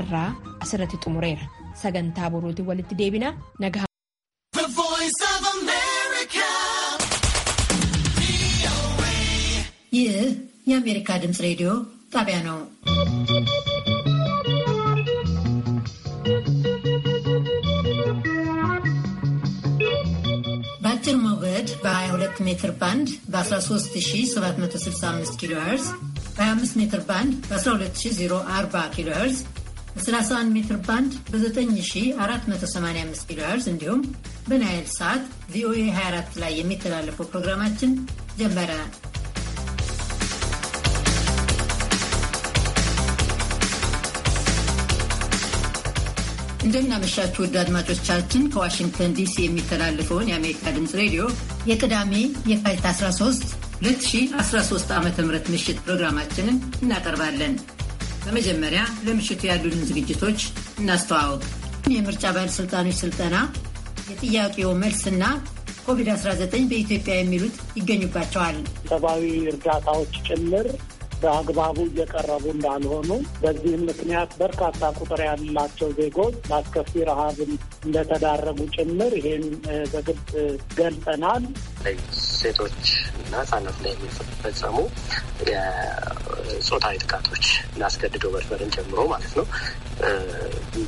irraa asirratti xumureera. Sagantaa boruutiin walitti deebina nagaa. የአሜሪካ ድምፅ ሬዲዮ ጣቢያ ነው። በአጭር ሞገድ በ22 ሜትር ባንድ በ13765 ኪሎ ሄርዝ፣ በ25 ሜትር ባንድ በ12040 ኪሎ ሄርዝ በ31 ሜትር ባንድ በ9485 ኪሎ ሄርዝ እንዲሁም በናይል ሰዓት ቪኦኤ 24 ላይ የሚተላለፈው ፕሮግራማችን ጀመረ። እንደምናመሻችሁ ውድ አድማጮቻችን፣ ከዋሽንግተን ዲሲ የሚተላለፈውን የአሜሪካ ድምፅ ሬዲዮ የቅዳሜ የካቲት 13 2013 ዓ ም ምሽት ፕሮግራማችንን እናቀርባለን። በመጀመሪያ ለምሽቱ ያሉን ዝግጅቶች እናስተዋወቅ። የምርጫ ባለሥልጣኖች ስልጠና፣ የጥያቄው መልስና ኮቪድ-19 በኢትዮጵያ የሚሉት ይገኙባቸዋል። ሰብአዊ እርዳታዎች ጭምር በአግባቡ እየቀረቡ እንዳልሆኑ፣ በዚህም ምክንያት በርካታ ቁጥር ያላቸው ዜጎች ለአስከፊ ረሃብን እንደተዳረጉ ጭምር ይህን በግልጽ ገልጸናል። ሴቶች እና ህጻናት ላይ የሚፈጸሙ የጾታዊ ጥቃቶች አስገድዶ መድፈርን ጨምሮ ማለት ነው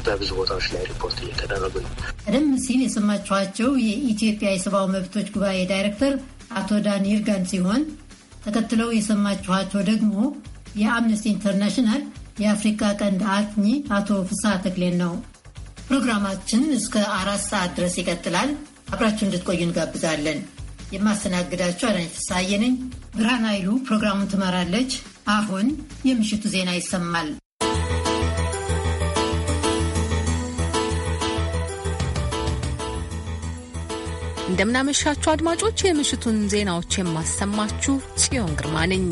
በብዙ ቦታዎች ላይ ሪፖርት እየተደረጉ ነው። ቀደም ሲል የሰማችኋቸው የኢትዮጵያ የሰብአዊ መብቶች ጉባኤ ዳይሬክተር አቶ ዳንኤል ጋን ሲሆን ተከትለው የሰማችኋቸው ደግሞ የአምነስቲ ኢንተርናሽናል የአፍሪካ ቀንድ አጥኚ አቶ ፍስሐ ተክሌን ነው። ፕሮግራማችን እስከ አራት ሰዓት ድረስ ይቀጥላል። አብራችሁ እንድትቆዩ እንጋብዛለን። የማስተናግዳችሁ አዳኝ ፍስሐዬ ነኝ። ብርሃን ኃይሉ ፕሮግራሙን ትመራለች። አሁን የምሽቱ ዜና ይሰማል። እንደምናመሻችሁ አድማጮች፣ የምሽቱን ዜናዎች የማሰማችሁ ጽዮን ግርማ ነኝ።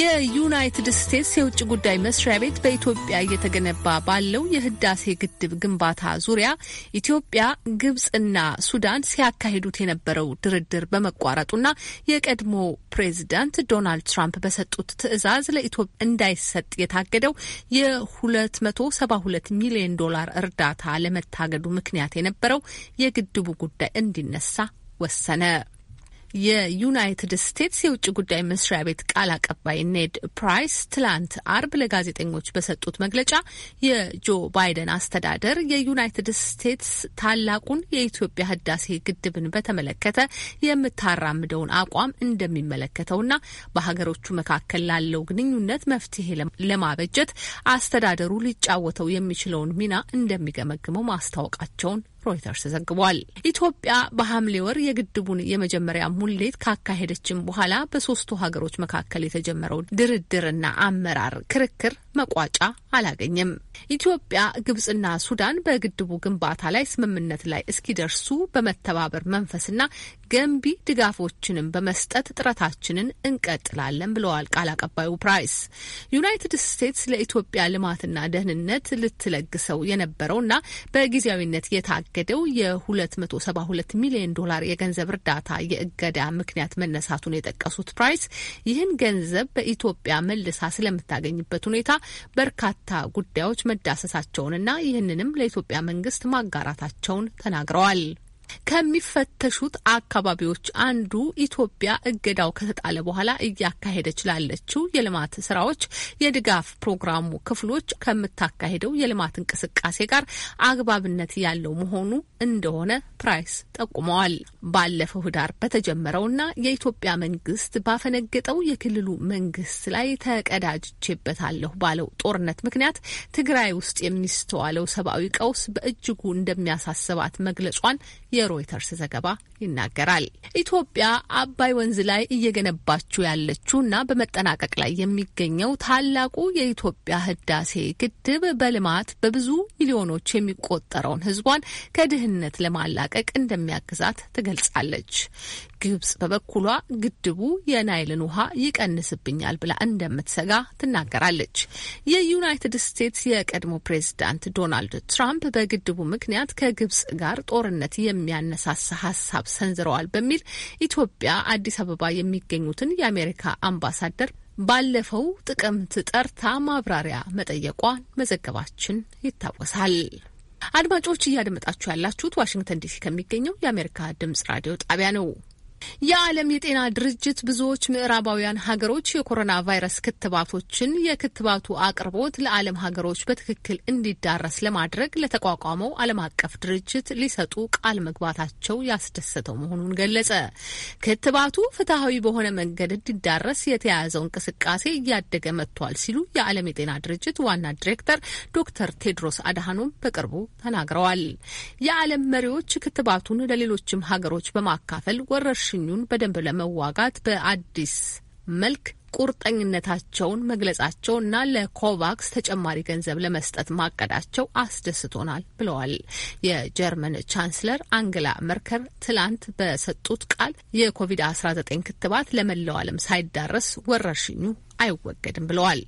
የዩናይትድ ስቴትስ የውጭ ጉዳይ መስሪያ ቤት በኢትዮጵያ እየተገነባ ባለው የህዳሴ ግድብ ግንባታ ዙሪያ ኢትዮጵያ፣ ግብጽና ሱዳን ሲያካሂዱት የነበረው ድርድር በመቋረጡና የቀድሞ ፕሬዚዳንት ዶናልድ ትራምፕ በሰጡት ትዕዛዝ ለኢትዮጵያ እንዳይሰጥ የታገደው የ272 ሚሊዮን ዶላር እርዳታ ለመታገዱ ምክንያት የነበረው የግድቡ ጉዳይ እንዲነሳ ወሰነ። የዩናይትድ ስቴትስ የውጭ ጉዳይ መስሪያ ቤት ቃል አቀባይ ኔድ ፕራይስ ትላንት አርብ ለጋዜጠኞች በሰጡት መግለጫ የጆ ባይደን አስተዳደር የዩናይትድ ስቴትስ ታላቁን የኢትዮጵያ ህዳሴ ግድብን በተመለከተ የምታራምደውን አቋም እንደሚመለከተውና በሀገሮቹ መካከል ላለው ግንኙነት መፍትሄ ለማበጀት አስተዳደሩ ሊጫወተው የሚችለውን ሚና እንደሚገመግመው ማስታወቃቸውን ሮይተርስ ዘግቧል። ኢትዮጵያ በሐምሌ ወር የግድቡን የመጀመሪያ ሙሌት ካካሄደችን በኋላ በሶስቱ ሀገሮች መካከል የተጀመረው ድርድርና አመራር ክርክር መቋጫ አላገኘም። ኢትዮጵያ፣ ግብጽና ሱዳን በግድቡ ግንባታ ላይ ስምምነት ላይ እስኪደርሱ በመተባበር መንፈስና ገንቢ ድጋፎችንም በመስጠት ጥረታችንን እንቀጥላለን ብለዋል ቃል አቀባዩ ፕራይስ። ዩናይትድ ስቴትስ ለኢትዮጵያ ልማትና ደህንነት ልትለግሰው የነበረውና በጊዜያዊነት የታገደው የ272 ሚሊዮን ዶላር የገንዘብ እርዳታ የእገዳ ምክንያት መነሳቱን የጠቀሱት ፕራይስ ይህን ገንዘብ በኢትዮጵያ መልሳ ስለምታገኝበት ሁኔታ በርካታ ጉዳዮች መዳሰሳቸውንና ይህንንም ለኢትዮጵያ መንግስት ማጋራታቸውን ተናግረዋል። ከሚፈተሹት አካባቢዎች አንዱ ኢትዮጵያ እገዳው ከተጣለ በኋላ እያካሄደች ላለችው የልማት ስራዎች የድጋፍ ፕሮግራሙ ክፍሎች ከምታካሄደው የልማት እንቅስቃሴ ጋር አግባብነት ያለው መሆኑ እንደሆነ ፕራይስ ጠቁመዋል። ባለፈው ህዳር በተጀመረውና የኢትዮጵያ መንግስት ባፈነገጠው የክልሉ መንግስት ላይ ተቀዳጅቼበታለሁ ባለው ጦርነት ምክንያት ትግራይ ውስጥ የሚስተዋለው ሰብአዊ ቀውስ በእጅጉ እንደሚያሳስባት መግለጿን የሮይተርስ ዘገባ ይናገራል። ኢትዮጵያ አባይ ወንዝ ላይ እየገነባችው ያለችውና በመጠናቀቅ ላይ የሚገኘው ታላቁ የኢትዮጵያ ህዳሴ ግድብ በልማት በብዙ ሚሊዮኖች የሚቆጠረውን ህዝቧን ከድህነት ለማላቀቅ እንደሚያግዛት ትገልጻለች። ግብጽ በበኩሏ ግድቡ የናይልን ውሃ ይቀንስብኛል ብላ እንደምትሰጋ ትናገራለች። የዩናይትድ ስቴትስ የቀድሞ ፕሬዚዳንት ዶናልድ ትራምፕ በግድቡ ምክንያት ከግብጽ ጋር ጦርነት የሚያነሳሳ ሀሳብ ሰንዝረዋል በሚል ኢትዮጵያ አዲስ አበባ የሚገኙትን የአሜሪካ አምባሳደር ባለፈው ጥቅምት ጠርታ ማብራሪያ መጠየቋን መዘገባችን ይታወሳል። አድማጮች እያደመጣችሁ ያላችሁት ዋሽንግተን ዲሲ ከሚገኘው የአሜሪካ ድምጽ ራዲዮ ጣቢያ ነው። የዓለም የጤና ድርጅት ብዙዎች ምዕራባውያን ሀገሮች የኮሮና ቫይረስ ክትባቶችን የክትባቱ አቅርቦት ለዓለም ሀገሮች በትክክል እንዲዳረስ ለማድረግ ለተቋቋመው ዓለም አቀፍ ድርጅት ሊሰጡ ቃል መግባታቸው ያስደሰተው መሆኑን ገለጸ። ክትባቱ ፍትሐዊ በሆነ መንገድ እንዲዳረስ የተያያዘው እንቅስቃሴ እያደገ መጥቷል ሲሉ የዓለም የጤና ድርጅት ዋና ዲሬክተር ዶክተር ቴድሮስ አድሃኖም በቅርቡ ተናግረዋል። የዓለም መሪዎች ክትባቱን ለሌሎችም ሀገሮች በማካፈል ወረርሽ ወረርሽኙን በደንብ ለመዋጋት በአዲስ መልክ ቁርጠኝነታቸውን መግለጻቸውና ለኮቫክስ ተጨማሪ ገንዘብ ለመስጠት ማቀዳቸው አስደስቶናል ብለዋል። የጀርመን ቻንስለር አንግላ መርከር ትላንት በሰጡት ቃል የኮቪድ-19 ክትባት ለመላው ዓለም ሳይዳረስ ወረርሽኙ አይወገድም ብለዋል።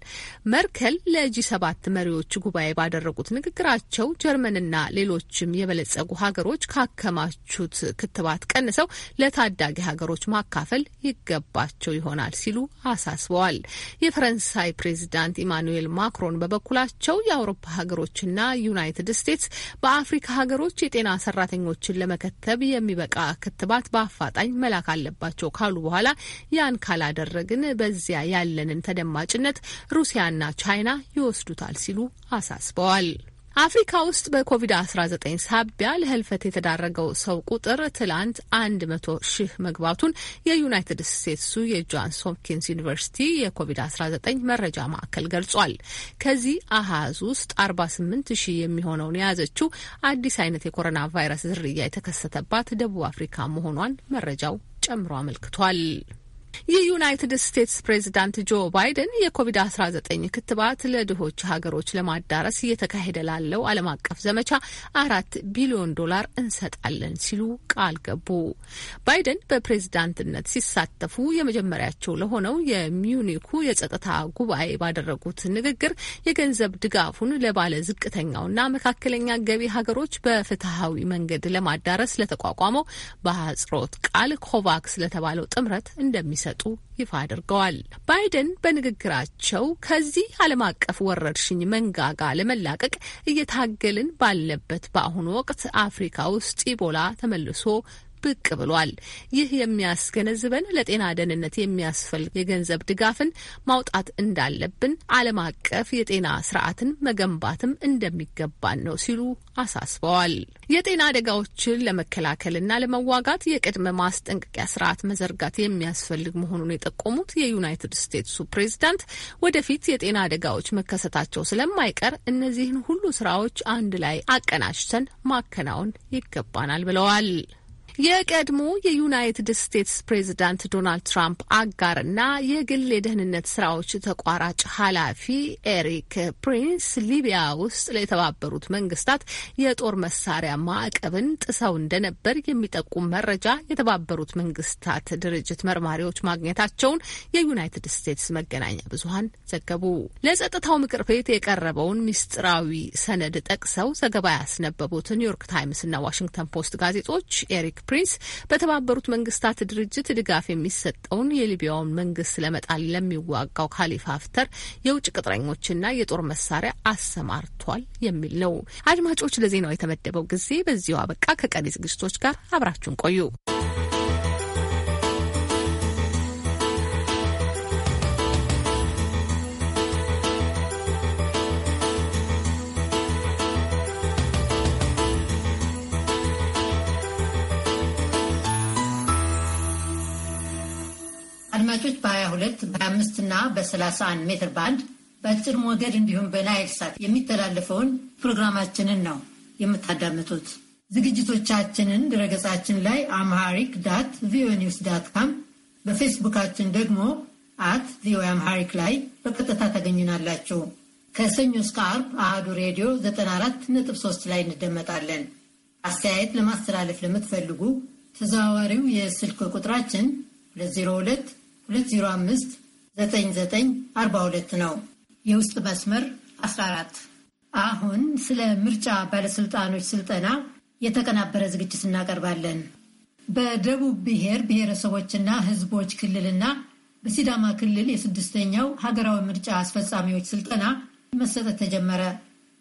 መርከል ለጂ ሰባት መሪዎች ጉባኤ ባደረጉት ንግግራቸው ጀርመንና ሌሎችም የበለጸጉ ሀገሮች ካከማቹት ክትባት ቀንሰው ለታዳጊ ሀገሮች ማካፈል ይገባቸው ይሆናል ሲሉ አሳስበዋል። የፈረንሳይ ፕሬዚዳንት ኢማኑኤል ማክሮን በበኩላቸው የአውሮፓ ሀገሮችና ዩናይትድ ስቴትስ በአፍሪካ ሀገሮች የጤና ሰራተኞችን ለመከተብ የሚበቃ ክትባት በአፋጣኝ መላክ አለባቸው ካሉ በኋላ ያን ካላደረግን በዚያ ያለንን ተደማጭነት ሩሲያና ቻይና ይወስዱታል ሲሉ አሳስበዋል። አፍሪካ ውስጥ በኮቪድ-19 ሳቢያ ለህልፈት የተዳረገው ሰው ቁጥር ትላንት አንድ መቶ ሺህ መግባቱን የዩናይትድ ስቴትሱ የጆንስ ሆፕኪንስ ዩኒቨርሲቲ የኮቪድ-19 መረጃ ማዕከል ገልጿል። ከዚህ አሃዝ ውስጥ 48 ሺህ የሚሆነውን የያዘችው አዲስ አይነት የኮሮና ቫይረስ ዝርያ የተከሰተባት ደቡብ አፍሪካ መሆኗን መረጃው ጨምሮ አመልክቷል። የዩናይትድ ስቴትስ ፕሬዚዳንት ጆ ባይደን የኮቪድ-19 ክትባት ለድሆች ሀገሮች ለማዳረስ እየተካሄደ ላለው ዓለም አቀፍ ዘመቻ አራት ቢሊዮን ዶላር እንሰጣለን ሲሉ ቃል ገቡ። ባይደን በፕሬዝዳንትነት ሲሳተፉ የመጀመሪያቸው ለሆነው የሚዩኒኩ የጸጥታ ጉባኤ ባደረጉት ንግግር የገንዘብ ድጋፉን ለባለ ዝቅተኛውና መካከለኛ ገቢ ሀገሮች በፍትሐዊ መንገድ ለማዳረስ ለተቋቋመው በአጽሮት ቃል ኮቫክስ ለተባለው ጥምረት እንደሚሰ እንደሚሰጡ ይፋ አድርገዋል። ባይደን በንግግራቸው ከዚህ ዓለም አቀፍ ወረርሽኝ መንጋጋ ለመላቀቅ እየታገልን ባለበት በአሁኑ ወቅት አፍሪካ ውስጥ ኢቦላ ተመልሶ ብቅ ብሏል። ይህ የሚያስገነዝበን ለጤና ደህንነት የሚያስፈልግ የገንዘብ ድጋፍን ማውጣት እንዳለብን፣ ዓለም አቀፍ የጤና ስርዓትን መገንባትም እንደሚገባን ነው ሲሉ አሳስበዋል። የጤና አደጋዎችን ለመከላከልና ለመዋጋት የቅድመ ማስጠንቀቂያ ስርዓት መዘርጋት የሚያስፈልግ መሆኑን የጠቆሙት የዩናይትድ ስቴትሱ ፕሬዚዳንት ወደፊት የጤና አደጋዎች መከሰታቸው ስለማይቀር እነዚህን ሁሉ ስራዎች አንድ ላይ አቀናጅተን ማከናወን ይገባናል ብለዋል። የቀድሞ የዩናይትድ ስቴትስ ፕሬዚዳንት ዶናልድ ትራምፕ አጋር እና የግል የደህንነት ስራዎች ተቋራጭ ኃላፊ ኤሪክ ፕሪንስ ሊቢያ ውስጥ ለተባበሩት መንግስታት የጦር መሳሪያ ማዕቀብን ጥሰው እንደነበር የሚጠቁም መረጃ የተባበሩት መንግስታት ድርጅት መርማሪዎች ማግኘታቸውን የዩናይትድ ስቴትስ መገናኛ ብዙሀን ዘገቡ። ለጸጥታው ምክር ቤት የቀረበውን ሚስጥራዊ ሰነድ ጠቅሰው ዘገባ ያስነበቡት ኒውዮርክ ታይምስ እና ዋሽንግተን ፖስት ጋዜጦች ኤሪክ ፕሪንስ በተባበሩት መንግስታት ድርጅት ድጋፍ የሚሰጠውን የሊቢያውን መንግስት ለመጣል ለሚዋጋው ካሊፋ ሀፍተር የውጭ ቅጥረኞችና የጦር መሳሪያ አሰማርቷል የሚል ነው። አድማጮች፣ ለዜናው የተመደበው ጊዜ በዚሁ አበቃ። ከቀሪ ዝግጅቶች ጋር አብራችሁን ቆዩ። አድማጮች በ22 በ25 እና በ31 ሜትር ባንድ በአጭር ሞገድ እንዲሁም በናይል ሳት የሚተላለፈውን ፕሮግራማችንን ነው የምታዳምጡት። ዝግጅቶቻችንን ድረገጻችን ላይ አምሃሪክ ዳት ቪኦኤ ኒውስ ዳት ካም በፌስቡካችን ደግሞ አት ቪኦኤ አምሃሪክ ላይ በቀጥታ ታገኙናላችሁ። ከሰኞ እስከ አርብ አህዱ ሬዲዮ 94.3 ላይ እንደመጣለን። አስተያየት ለማስተላለፍ ለምትፈልጉ ተዘዋዋሪው የስልክ ቁጥራችን 202 205 42 ነው። የውስጥ መስመር 14። አሁን ስለ ምርጫ ባለስልጣኖች ስልጠና የተቀናበረ ዝግጅት እናቀርባለን። በደቡብ ብሔር ብሔረሰቦችና ሕዝቦች ክልልና በሲዳማ ክልል የስድስተኛው ሀገራዊ ምርጫ አስፈጻሚዎች ስልጠና መሰጠት ተጀመረ።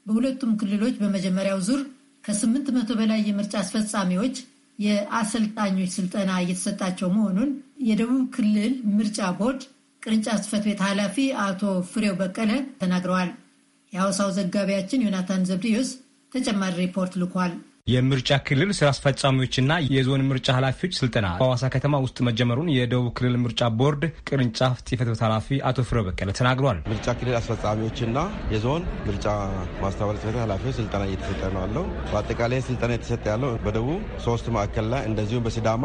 በሁለቱም ክልሎች በመጀመሪያው ዙር ከስምንት መቶ በላይ የምርጫ አስፈጻሚዎች የአሰልጣኞች ስልጠና እየተሰጣቸው መሆኑን የደቡብ ክልል ምርጫ ቦርድ ቅርንጫፍ ጽህፈት ቤት ኃላፊ አቶ ፍሬው በቀለ ተናግረዋል። የሐዋሳው ዘጋቢያችን ዮናታን ዘብድዮስ ተጨማሪ ሪፖርት ልኳል። የምርጫ ክልል ስራ አስፈጻሚዎችና የዞን ምርጫ ኃላፊዎች ስልጠና በሐዋሳ ከተማ ውስጥ መጀመሩን የደቡብ ክልል ምርጫ ቦርድ ቅርንጫፍ ጽህፈት ቤት ኃላፊ አቶ ፍረ በቀለ ተናግሯል። ምርጫ ክልል አስፈጻሚዎችና የዞን ምርጫ ማስተባበር ጽህፈት ቤት ኃላፊዎች ስልጠና እየተሰጠ ነው ያለው። በአጠቃላይ ስልጠና የተሰጠ ያለው በደቡብ ሶስት ማዕከል ላይ እንደዚሁም በሲዳማ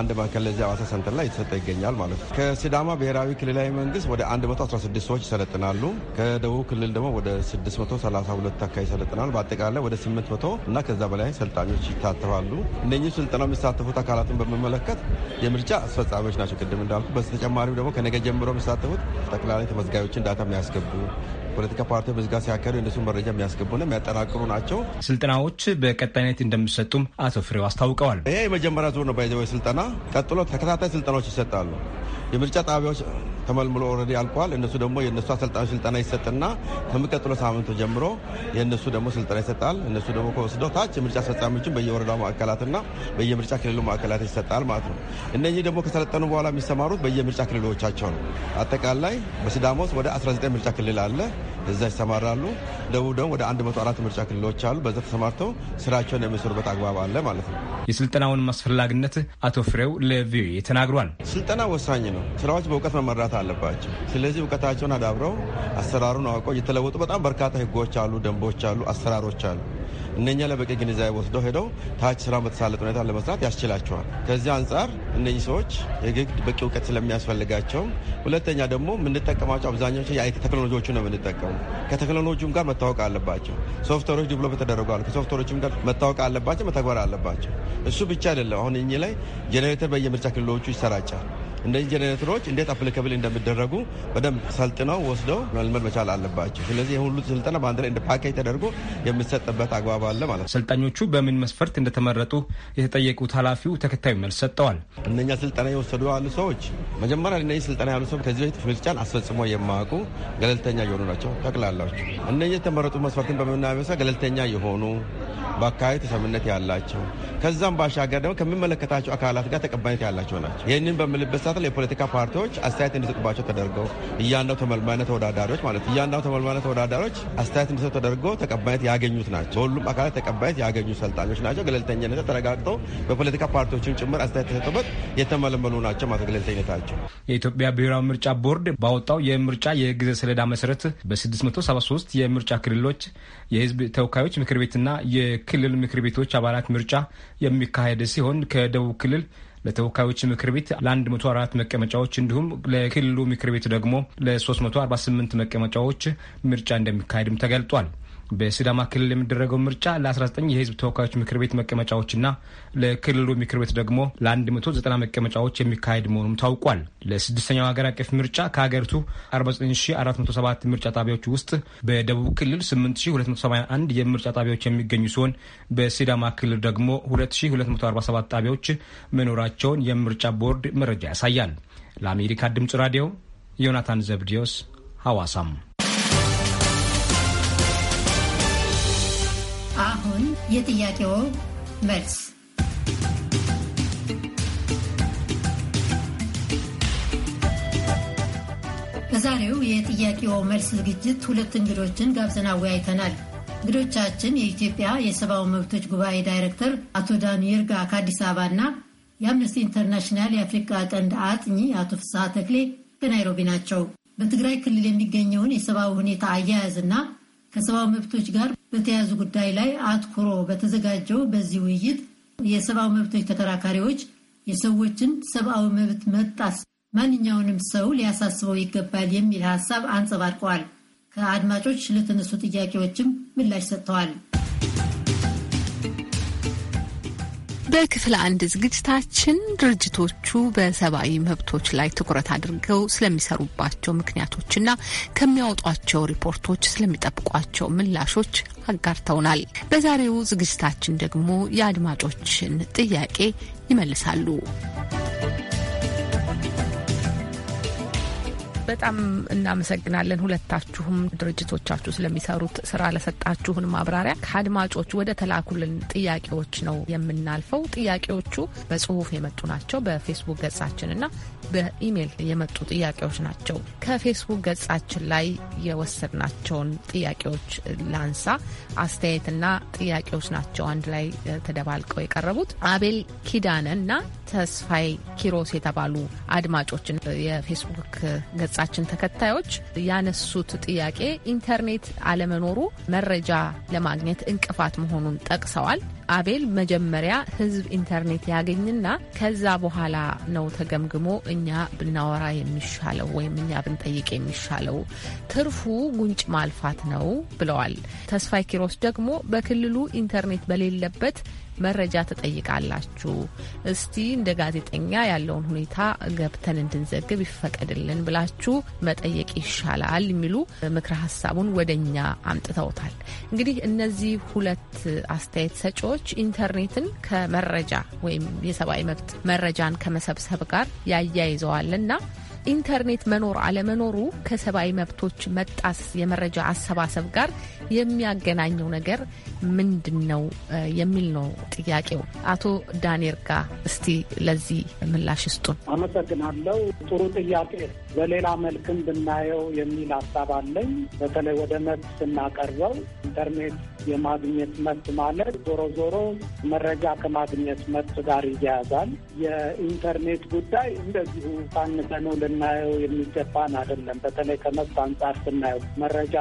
አንድ ማዕከል ለዚህ ሐዋሳ ሰንተር ላይ እየተሰጠ ይገኛል ማለት ነው። ከሲዳማ ብሔራዊ ክልላዊ መንግስት ወደ 116 ሰዎች ይሰለጥናሉ። ከደቡብ ክልል ደግሞ ወደ 632 አካባቢ ይሰለጥናል። በአጠቃላይ ወደ 800 እና ከዛ በላይ ሰልጣኞች ይታተፋሉ እነኚህ ስልጠና የሚሳተፉት አካላትን በመመለከት የምርጫ አስፈጻሚዎች ናቸው ቅድም እንዳልኩ። በስተጨማሪም ደግሞ ከነገ ጀምሮ የሚሳተፉት ጠቅላላ ተመዝጋዮችን ዳታ የሚያስገቡ የፖለቲካ ፓርቲዎች በዚህ ሲያካሄዱ የእነሱን መረጃ የሚያስገቡና የሚያጠናቅሩ ናቸው። ስልጠናዎች በቀጣይነት እንደሚሰጡም አቶ ፍሬው አስታውቀዋል። ይሄ የመጀመሪያ ዙር ነው ባይዘ ስልጠና። ቀጥሎ ተከታታይ ስልጠናዎች ይሰጣሉ። የምርጫ ጣቢያዎች ተመልምሎ ኦልሬዲ አልቋል። እነሱ ደግሞ የእነሱ አሰልጣኞች ስልጠና ይሰጥና ከሚቀጥሎ ሳምንቱ ጀምሮ የእነሱ ደግሞ ስልጠና ይሰጣል። እነሱ ደግሞ ከወስደው ታች የምርጫ አስፈጻሚዎችን በየወረዳ ማዕከላትና በየምርጫ ክልሉ ማዕከላት ይሰጣል ማለት ነው። እነዚህ ደግሞ ከሰለጠኑ በኋላ የሚሰማሩት በየምርጫ ክልሎቻቸው ነው። አጠቃላይ በሲዳማ ውስጥ ወደ 19 ምርጫ ክልል አለ። እዛ ይሰማራሉ። ደቡብ ደግሞ ወደ 104 ምርጫ ክልሎች አሉ። በዛ ተሰማርተው ስራቸውን የሚሰሩበት አግባብ አለ ማለት ነው። የስልጠናውን ማስፈላጊነት አቶ ፍሬው ለቪኦኤ ተናግሯል። ስልጠና ወሳኝ ነው። ስራዎች በእውቀት መመራት አለባቸው። ስለዚህ እውቀታቸውን አዳብረው አሰራሩን አውቀው እየተለወጡ በጣም በርካታ ህጎች አሉ፣ ደንቦች አሉ፣ አሰራሮች አሉ። እነኛ ለበቂ ግንዛቤ ወስደው ሄደው ታች ስራ በተሳለጠ ሁኔታ ለመስራት ያስችላቸዋል። ከዚህ አንጻር እነኚህ ሰዎች የግድ በቂ እውቀት ስለሚያስፈልጋቸው፣ ሁለተኛ ደግሞ የምንጠቀማቸው አብዛኛዎቹ የአይቲ ቴክኖሎጂዎቹ ነው የምንጠቀሙ። ከቴክኖሎጂም ጋር መታወቅ አለባቸው። ሶፍትዌሮች ዲቨሎፕ ተደርገዋል። ከሶፍትዌሮችም ጋር መታወቅ አለባቸው፣ መተግበር አለባቸው። እሱ ብቻ አይደለም። አሁን እኚህ ላይ ጄኔሬተር በየምርጫ ክልሎቹ ይሰራጫል። እንደዚህ ጀኔሬተሮች እንዴት አፕሊካብል እንደሚደረጉ በደንብ ሰልጥነው ወስደው መልመድ መቻል አለባቸው። ስለዚህ የሁሉ ስልጠና በአንድ ላይ እንደ ፓኬጅ ተደርጎ የሚሰጥበት አግባብ አለ ማለት ነው። ሰልጣኞቹ በምን መስፈርት እንደተመረጡ የተጠየቁት ኃላፊው ተከታዩ መልስ ሰጥተዋል። እነኛ ስልጠና የወሰዱ ያሉ ሰዎች መጀመሪያ እነዚህ ስልጠና ያሉ ሰዎች ከዚህ በፊት ምርጫን አስፈጽሞ የማያውቁ ገለልተኛ የሆኑ ናቸው። ጠቅላላቸው እነዚህ የተመረጡ መስፈርትን በምናበሳ ገለልተኛ የሆኑ በአካባቢ ተሰምነት ያላቸው ከዛም ባሻገር ደግሞ ከሚመለከታቸው አካላት ጋር ተቀባይነት ያላቸው ናቸው። ይህንን በምልበት ለመከታተል የፖለቲካ ፓርቲዎች አስተያየት እንዲሰጡባቸው ተደርገው እያንዳንዱ ተመልማይነት ተወዳዳሪዎች ማለት ነው እያንዳንዱ ተመልማይነት ተወዳዳሪዎች አስተያየት እንዲሰጡ ተደርገው ተቀባይነት ያገኙት ናቸው። በሁሉም አካላት ተቀባይነት ያገኙ ሰልጣኞች ናቸው። ገለልተኛነት ተረጋግጠው በፖለቲካ ፓርቲዎችም ጭምር አስተያየት ተሰጡበት የተመለመሉ ናቸው ማለት ገለልተኝነታቸው። የኢትዮጵያ ብሔራዊ ምርጫ ቦርድ ባወጣው የምርጫ የጊዜ ሰሌዳ መሰረት በ673 የምርጫ ክልሎች የህዝብ ተወካዮች ምክር ቤትና የክልል ምክር ቤቶች አባላት ምርጫ የሚካሄድ ሲሆን ከደቡብ ክልል ለተወካዮች ምክር ቤት ለ104 መቀመጫዎች እንዲሁም ለክልሉ ምክር ቤት ደግሞ ለ348 መቀመጫዎች ምርጫ እንደሚካሄድም ተገልጧል። በሲዳማ ክልል የሚደረገው ምርጫ ለ19 የህዝብ ተወካዮች ምክር ቤት መቀመጫዎችና ለክልሉ ምክር ቤት ደግሞ ለ190 መቀመጫዎች የሚካሄድ መሆኑም ታውቋል። ለስድስተኛው ሀገር አቀፍ ምርጫ ከሀገሪቱ 49407 ምርጫ ጣቢያዎች ውስጥ በደቡብ ክልል 8281 የምርጫ ጣቢያዎች የሚገኙ ሲሆን በሲዳማ ክልል ደግሞ 2247 ጣቢያዎች መኖራቸውን የምርጫ ቦርድ መረጃ ያሳያል። ለአሜሪካ ድምጽ ራዲዮ ዮናታን ዘብዲዮስ ሐዋሳም አሁን የጥያቄው መልስ በዛሬው የጥያቄው መልስ ዝግጅት ሁለት እንግዶችን ጋብዘን አወያይተናል። እንግዶቻችን የኢትዮጵያ የሰብአዊ መብቶች ጉባኤ ዳይሬክተር አቶ ዳኑ ይርጋ ከአዲስ አበባ እና የአምነስቲ ኢንተርናሽናል የአፍሪካ ቀንድ አጥኚ አቶ ፍስሐ ተክሌ ከናይሮቢ ናቸው። በትግራይ ክልል የሚገኘውን የሰብአዊ ሁኔታ አያያዝና ከሰብአዊ መብቶች ጋር በተያያዙ ጉዳይ ላይ አትኩሮ በተዘጋጀው በዚህ ውይይት የሰብአዊ መብቶች ተከራካሪዎች የሰዎችን ሰብአዊ መብት መጣስ ማንኛውንም ሰው ሊያሳስበው ይገባል የሚል ሀሳብ አንጸባርቀዋል። ከአድማጮች ለተነሱ ጥያቄዎችም ምላሽ ሰጥተዋል። በክፍል አንድ ዝግጅታችን ድርጅቶቹ በሰብአዊ መብቶች ላይ ትኩረት አድርገው ስለሚሰሩባቸው ምክንያቶችና ከሚያወጧቸው ሪፖርቶች ስለሚጠብቋቸው ምላሾች አጋርተውናል። በዛሬው ዝግጅታችን ደግሞ የአድማጮችን ጥያቄ ይመልሳሉ። በጣም እናመሰግናለን ሁለታችሁም ድርጅቶቻችሁ ስለሚሰሩት ስራ ለሰጣችሁን ማብራሪያ። ከአድማጮች ወደ ተላኩልን ጥያቄዎች ነው የምናልፈው። ጥያቄዎቹ በጽሁፍ የመጡ ናቸው በፌስቡክ ገጻችንና በኢሜይል የመጡ ጥያቄዎች ናቸው። ከፌስቡክ ገጻችን ላይ የወሰድናቸውን ጥያቄዎች ላንሳ። አስተያየትና ጥያቄዎች ናቸው አንድ ላይ ተደባልቀው የቀረቡት። አቤል ኪዳነ እና ተስፋይ ኪሮስ የተባሉ አድማጮችን የፌስቡክ ገጻችን ተከታዮች ያነሱት ጥያቄ ኢንተርኔት አለመኖሩ መረጃ ለማግኘት እንቅፋት መሆኑን ጠቅሰዋል። አቤል መጀመሪያ ህዝብ ኢንተርኔት ያገኝና ከዛ በኋላ ነው ተገምግሞ እኛ ብናወራ የሚሻለው ወይም እኛ ብንጠይቅ የሚሻለው ትርፉ ጉንጭ ማልፋት ነው ብለዋል። ተስፋይ ኪሮስ ደግሞ በክልሉ ኢንተርኔት በሌለበት መረጃ ትጠይቃላችሁ፣ እስቲ እንደ ጋዜጠኛ ያለውን ሁኔታ ገብተን እንድንዘግብ ይፈቀድልን ብላችሁ መጠየቅ ይሻላል የሚሉ ምክረ ሀሳቡን ወደ እኛ አምጥተውታል። እንግዲህ እነዚህ ሁለት አስተያየት ሰጪዎች ኢንተርኔትን ከመረጃ ወይም የሰብአዊ መብት መረጃን ከመሰብሰብ ጋር ያያይዘዋልና ኢንተርኔት መኖር አለመኖሩ ከሰብአዊ መብቶች መጣስ የመረጃ አሰባሰብ ጋር የሚያገናኘው ነገር ምንድን ነው የሚል ነው ጥያቄው። አቶ ዳንኤል ጋ እስቲ ለዚህ ምላሽ ስጡን። አመሰግናለሁ። ጥሩ ጥያቄ፣ በሌላ መልክም ብናየው የሚል ሀሳብ አለኝ። በተለይ ወደ መብት ስናቀርበው ኢንተርኔት የማግኘት መብት ማለት ዞሮ ዞሮ መረጃ ከማግኘት መብት ጋር ይያያዛል። የኢንተርኔት ጉዳይ እንደዚሁ ሳንሰነው ልን ልናየው የሚገባን አይደለም። በተለይ ከመብት አንጻር ስናየው መረጃ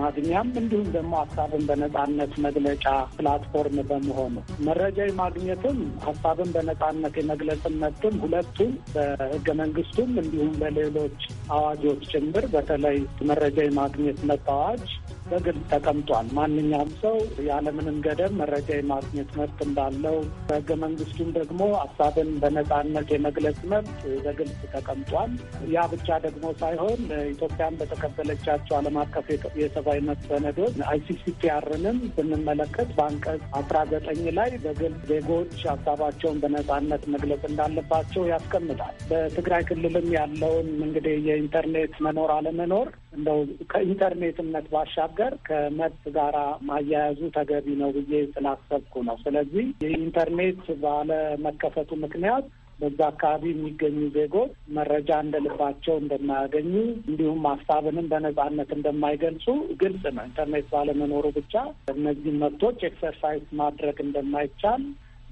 ማግኛም እንዲሁም ደግሞ ሀሳብን በነጻነት መግለጫ ፕላትፎርም በመሆኑ መረጃ የማግኘትም ሀሳብን በነጻነት የመግለጽን መብትም ሁለቱም በህገ መንግስቱም እንዲሁም በሌሎች አዋጆች ጭምር በተለይ መረጃ የማግኘት መብት አዋጅ በግል ተቀምጧል። ማንኛውም ሰው ያለምንም ገደብ መረጃ የማግኘት መብት እንዳለው በህገ መንግስቱም ደግሞ ሀሳብን በነጻነት የመግለጽ መብት በግልጽ ተቀምጧል። ያ ብቻ ደግሞ ሳይሆን ኢትዮጵያን በተቀበለቻቸው ዓለም አቀፍ የሰብአዊ መብት ሰነዶች አይሲሲፒአርንም ስንመለከት በአንቀጽ አስራ ዘጠኝ ላይ በግልጽ ዜጎች ሀሳባቸውን በነጻነት መግለጽ እንዳለባቸው ያስቀምጣል። በትግራይ ክልልም ያለውን እንግዲህ የኢንተርኔት መኖር አለመኖር እንደው ከኢንተርኔትነት ባሻገር ከመብት ጋራ ማያያዙ ተገቢ ነው ብዬ ስላሰብኩ ነው። ስለዚህ የኢንተርኔት ባለመከፈቱ ምክንያት በዛ አካባቢ የሚገኙ ዜጎች መረጃ እንደልባቸው እንደማያገኙ እንዲሁም ሀሳብንም በነጻነት እንደማይገልጹ ግልጽ ነው። ኢንተርኔት ባለመኖሩ ብቻ እነዚህ መብቶች ኤክሰርሳይዝ ማድረግ እንደማይቻል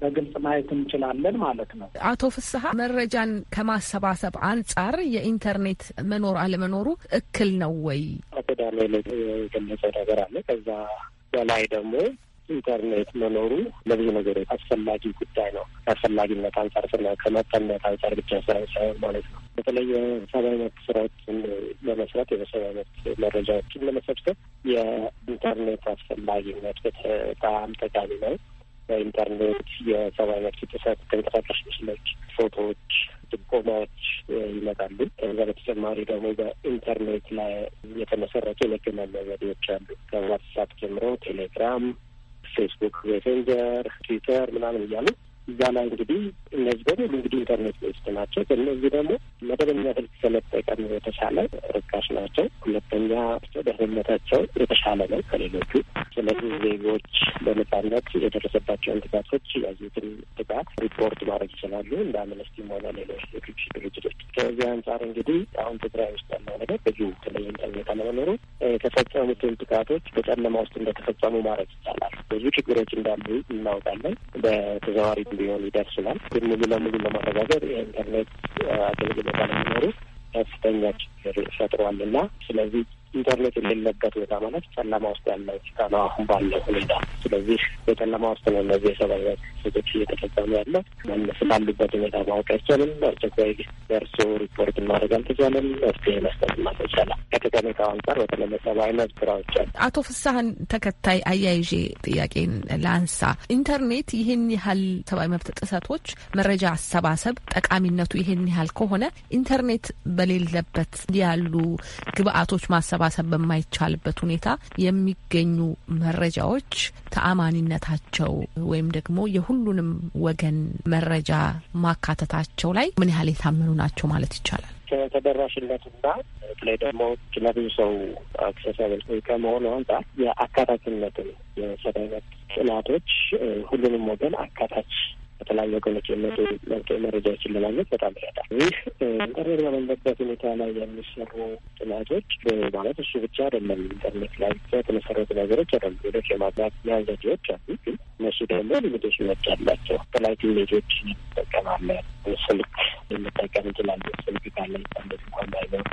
በግልጽ ማየት እንችላለን ማለት ነው። አቶ ፍስሀ መረጃን ከማሰባሰብ አንጻር የኢንተርኔት መኖር አለመኖሩ እክል ነው ወይ? አቶዳሜ የገለጸው ነገር አለ። ከዛ በላይ ደግሞ ኢንተርኔት መኖሩ ለብዙ ነገሮች አስፈላጊ ጉዳይ ነው። ከአስፈላጊነት አንጻር ስና ከመጠነት አንጻር ብቻ ሳይሆን ማለት ነው። በተለይ የሰብአዊ መብት ስራዎችን ለመስራት የሰብአዊ መብት መረጃዎችን ለመሰብሰብ የኢንተርኔት አስፈላጊነት በጣም ጠቃሚ ነው። በኢንተርኔት የሰብአዊ መብት ጥሰት ተንቀሳቃሽ ምስሎች፣ ፎቶዎች፣ ጥቆማዎች ይመጣሉ። ከዛ በተጨማሪ ደግሞ በኢንተርኔት ላይ የተመሰረቱ የመገናኛ ዘዴዎች አሉ። ከዋትሳፕ ጀምሮ ቴሌግራም፣ ፌስቡክ፣ ሜሴንጀር፣ ትዊተር ምናምን እያሉ እዛ ላይ እንግዲህ እነዚህ በሙሉ እንግዲህ ኢንተርኔት ቤዝድ ናቸው። እነዚህ ደግሞ መደበኛ ስልክ ከመጠቀም የተሻለ ርካሽ ናቸው። ሁለተኛ ደህንነታቸው የተሻለ ነው ከሌሎቹ። ስለዚህ ዜጎች በነጻነት የደረሰባቸውን ጥቃቶች ያዙትን ጥቃት ሪፖርት ማድረግ ይችላሉ እንደ አምነስቲም ሆነ ሌሎች ሌሎች ድርጅቶች። ከዚህ አንጻር እንግዲህ አሁን ትግራይ ውስጥ ያለው ነገር ብዙ ተለይ ኢንተርኔት አለመኖሩ የተፈጸሙትን ጥቃቶች በጨለማ ውስጥ እንደተፈጸሙ ማድረግ ይቻላል። ብዙ ችግሮች እንዳሉ እናውቃለን በተዘዋሪ ሊሆን ይደርስላል። ግን ሙሉ ለሙሉ ለማረጋገጥ የኢንተርኔት አገልግሎት አለመኖሩ ከፍተኛ ችግር ፈጥሯል እና ስለዚህ ኢንተርኔት የሌለበት ቦታ ማለት ጨለማ ውስጥ ያለ ጭቃ ነው አሁን ባለው ሁኔታ። ስለዚህ በጨለማ ውስጥ ነው እነዚህ የሰብአዊ ሴቶች እየተፈጸሙ ያለ እነሱ ባሉበት ሁኔታ ማወቅ አይቻልም። አስቸኳይ ደርሶ ሪፖርት ማድረግ አልተቻለም። መፍትሄ መስጠት አልተቻለም። ከጠቀሜታው አንጻር በተለይ ሰብአዊ መብት ስራዎች አሉ። አቶ ፍሳህን ተከታይ አያይዤ ጥያቄን ለአንሳ ኢንተርኔት ይህን ያህል ሰብአዊ መብት ጥሰቶች መረጃ አሰባሰብ ጠቃሚነቱ ይህን ያህል ከሆነ ኢንተርኔት በሌለበት ያሉ ግብአቶች ማሰባ ማሰባሰብ በማይቻልበት ሁኔታ የሚገኙ መረጃዎች ተአማኒነታቸው ወይም ደግሞ የሁሉንም ወገን መረጃ ማካተታቸው ላይ ምን ያህል የታመኑ ናቸው ማለት ይቻላል? ከተደራሽነቱና በተለይ ደግሞ ለብዙ ሰው አክሰሳብል ከመሆኑ አንጻር የአካታችነትን የሰብአዊነት ጥናቶች ሁሉንም ወገን አካታች ከተለያዩ ወገኖች የመጡ መብቶ መረጃዎችን ለማግኘት በጣም ይረዳል። ይህ ኢንተርኔት በሌለበት ሁኔታ ላይ የሚሰሩ ጥናቶች ማለት እሱ ብቻ አይደለም። ኢንተርኔት ላይ የተመሰረቱ ነገሮች አይደሉ ወደፊት የማግባት ያዘዴዎች አሉ። ግን እነሱ ደግሞ መጭ አላቸው። ተለያዩ ሜጆች እንጠቀማለን። ስልክ ልንጠቀም እንችላለን። ስልክ ካለ ኢንተርኔት እንኳን ባይኖር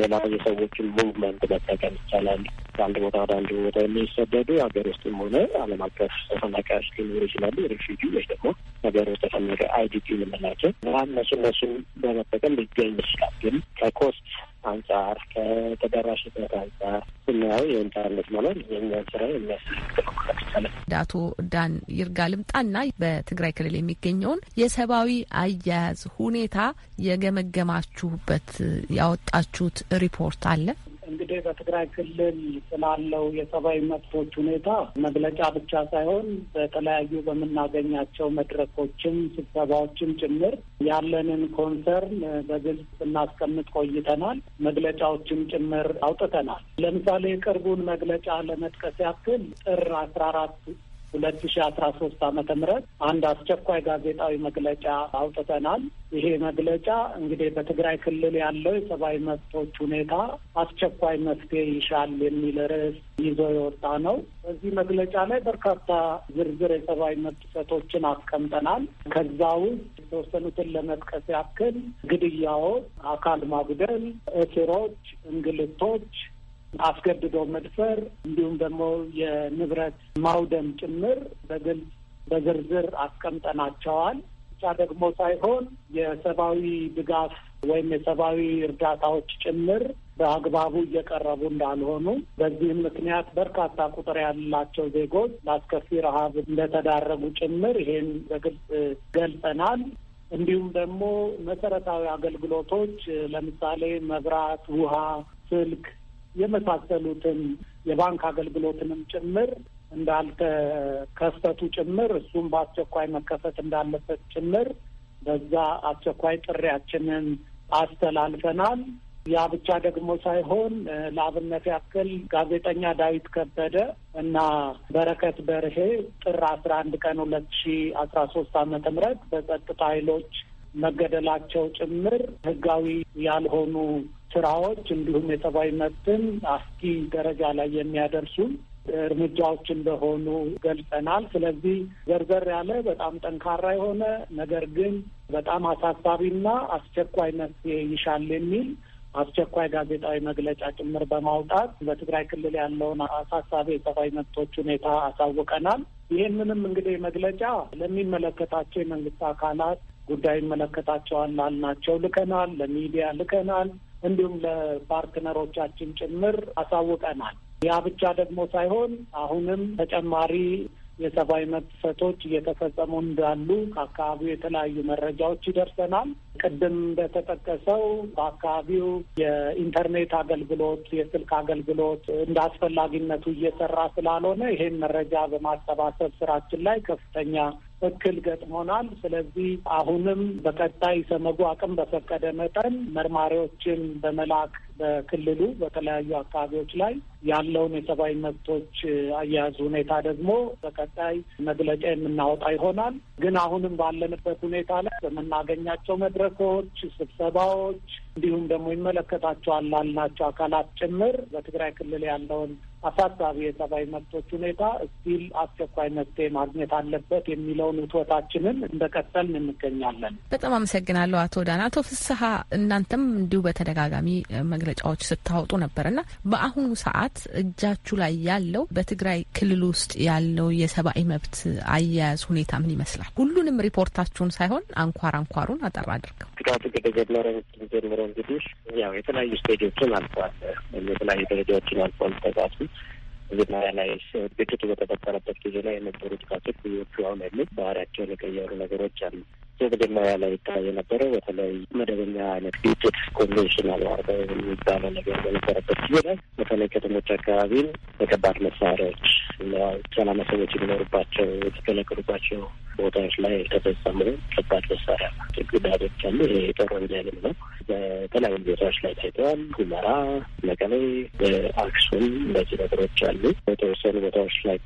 ሌላ የሰዎችን ሙቭመንት መጠቀም ይቻላል። ከአንድ ቦታ ወደ አንድ ቦታ የሚሰደዱ ሀገር ውስጥም ሆነ ዓለም አቀፍ ተፈናቃዮች ሊኖሩ ይችላሉ። ሪፊጂ ወይ ደግሞ ነገር የተፈለገ አይዲፒ የምንላቸው እነሱ እነሱን በመጠቀም ሊገኝ ይችላል። ግን ከኮስት አንጻር ከተደራሽነት አንጻር ስናየው የኢንተርኔት መኖር የኛን ስራ የሚያስፈልግ አቶ ዳን ይርጋ ልምጣና በትግራይ ክልል የሚገኘውን የሰብአዊ አያያዝ ሁኔታ የገመገማችሁበት ያወጣችሁት ሪፖርት አለ? እንግዲህ በትግራይ ክልል ስላለው የሰብአዊ መብቶች ሁኔታ መግለጫ ብቻ ሳይሆን በተለያዩ በምናገኛቸው መድረኮችም ስብሰባዎችም ጭምር ያለንን ኮንሰርን በግልጽ ስናስቀምጥ ቆይተናል። መግለጫዎችም ጭምር አውጥተናል። ለምሳሌ የቅርቡን መግለጫ ለመጥቀስ ያክል ጥር አስራ አራት ሁለት ሺ አስራ ሶስት አመተ ምህረት አንድ አስቸኳይ ጋዜጣዊ መግለጫ አውጥተናል። ይሄ መግለጫ እንግዲህ በትግራይ ክልል ያለው የሰብአዊ መብቶች ሁኔታ አስቸኳይ መፍትሄ ይሻል የሚል ርዕስ ይዞ የወጣ ነው። በዚህ መግለጫ ላይ በርካታ ዝርዝር የሰብአዊ መብት ጥሰቶችን አስቀምጠናል። ከዛ ውስጥ የተወሰኑትን ለመጥቀስ ያክል ግድያዎች፣ አካል ማጉደል፣ እስሮች፣ እንግልቶች አስገድዶ መድፈር እንዲሁም ደግሞ የንብረት ማውደም ጭምር በግልጽ በዝርዝር አስቀምጠናቸዋል። ብቻ ደግሞ ሳይሆን የሰብአዊ ድጋፍ ወይም የሰብአዊ እርዳታዎች ጭምር በአግባቡ እየቀረቡ እንዳልሆኑ በዚህም ምክንያት በርካታ ቁጥር ያላቸው ዜጎች ለአስከፊ ረሀብ እንደተዳረጉ ጭምር ይሄን በግልጽ ገልጸናል። እንዲሁም ደግሞ መሰረታዊ አገልግሎቶች ለምሳሌ መብራት፣ ውሃ፣ ስልክ የመሳሰሉትን የባንክ አገልግሎትንም ጭምር እንዳልተከፈቱ ጭምር እሱም በአስቸኳይ መከፈት እንዳለበት ጭምር በዛ አስቸኳይ ጥሪያችንን አስተላልፈናል። ያ ብቻ ደግሞ ሳይሆን ለአብነት ያክል ጋዜጠኛ ዳዊት ከበደ እና በረከት በርሄ ጥር አስራ አንድ ቀን ሁለት ሺ አስራ ሶስት አመተ ምህረት በጸጥታ ኃይሎች መገደላቸው ጭምር ህጋዊ ያልሆኑ ስራዎች እንዲሁም የሰብአዊ መብትን አስጊ ደረጃ ላይ የሚያደርሱ እርምጃዎች እንደሆኑ ገልጸናል። ስለዚህ ዘርዘር ያለ በጣም ጠንካራ የሆነ ነገር ግን በጣም አሳሳቢና አስቸኳይ መፍትሄ ይሻል የሚል አስቸኳይ ጋዜጣዊ መግለጫ ጭምር በማውጣት በትግራይ ክልል ያለውን አሳሳቢ የሰብአዊ መብቶች ሁኔታ አሳውቀናል። ይህንንም እንግዲህ መግለጫ ለሚመለከታቸው የመንግስት አካላት ጉዳይ ይመለከታቸዋል ላልናቸው ልከናል፣ ለሚዲያ ልከናል፣ እንዲሁም ለፓርትነሮቻችን ጭምር አሳውቀናል። ያ ብቻ ደግሞ ሳይሆን አሁንም ተጨማሪ የሰብአዊ መብት ጥሰቶች እየተፈጸሙ እንዳሉ ከአካባቢው የተለያዩ መረጃዎች ይደርሰናል። ቅድም እንደተጠቀሰው በአካባቢው የኢንተርኔት አገልግሎት፣ የስልክ አገልግሎት እንደ አስፈላጊነቱ እየሰራ ስላልሆነ ይሄን መረጃ በማሰባሰብ ስራችን ላይ ከፍተኛ እክል ገጥሞናል። ስለዚህ አሁንም በቀጣይ ሰመጉ አቅም በፈቀደ መጠን መርማሪዎችን በመላክ በክልሉ በተለያዩ አካባቢዎች ላይ ያለውን የሰብአዊ መብቶች አያያዝ ሁኔታ ደግሞ በቀጣይ መግለጫ የምናወጣ ይሆናል። ግን አሁንም ባለንበት ሁኔታ ላይ በምናገኛቸው መድረኮች፣ ስብሰባዎች እንዲሁም ደግሞ ይመለከታቸዋል ላልናቸው አካላት ጭምር በትግራይ ክልል ያለውን አሳሳቢ የሰብአዊ መብቶች ሁኔታ እስቲል አስቸኳይ መፍትሄ ማግኘት አለበት የሚለውን ውትወታችንን እንደቀጠልን እንገኛለን። በጣም አመሰግናለሁ አቶ ዳን። አቶ ፍስሀ እናንተም እንዲሁ በተደጋጋሚ መግለጫዎች ስታወጡ ነበር እና በአሁኑ ሰዓት እጃችሁ ላይ ያለው በትግራይ ክልል ውስጥ ያለው የሰብአዊ መብት አያያዝ ሁኔታ ምን ይመስላል? ሁሉንም ሪፖርታችሁን ሳይሆን አንኳር አንኳሩን አጠር አድርገው። ጥቃቱ ከተጀመረ ጀምሮ እንግዲህ ያው የተለያዩ ስቴጆችን አልፏል፣ የተለያዩ ደረጃዎችን አልፏል። ጥቃቱ ዝርያ ላይ ግጭቱ በተፈጠረበት ጊዜ ላይ የነበሩ ጥቃቶች ብዙዎቹ አሁን ያሉ ባህሪያቸውን የቀየሩ ነገሮች አሉ። መጀመሪያ ላይ ይታይ የነበረው በተለይ መደበኛ አይነት ግጭት ኮንቬንሽናል ዋር የሚባለው ነገር በነበረበት ጊዜ ላይ በተለይ ከተሞች አካባቢን በከባድ መሳሪያዎች ሰላማ ሰዎች የሚኖሩባቸው የተከለከሉባቸው ቦታዎች ላይ የተፈጸሙ ከባድ መሳሪያ ጉዳቶች አሉ። ይሄ የጦር ወንጀልም ነው። በተለያዩ ቦታዎች ላይ ታይተዋል። ሁመራ፣ መቀሌ፣ አክሱም እንደዚህ ነገሮች አሉ። በተወሰኑ ቦታዎች ላይ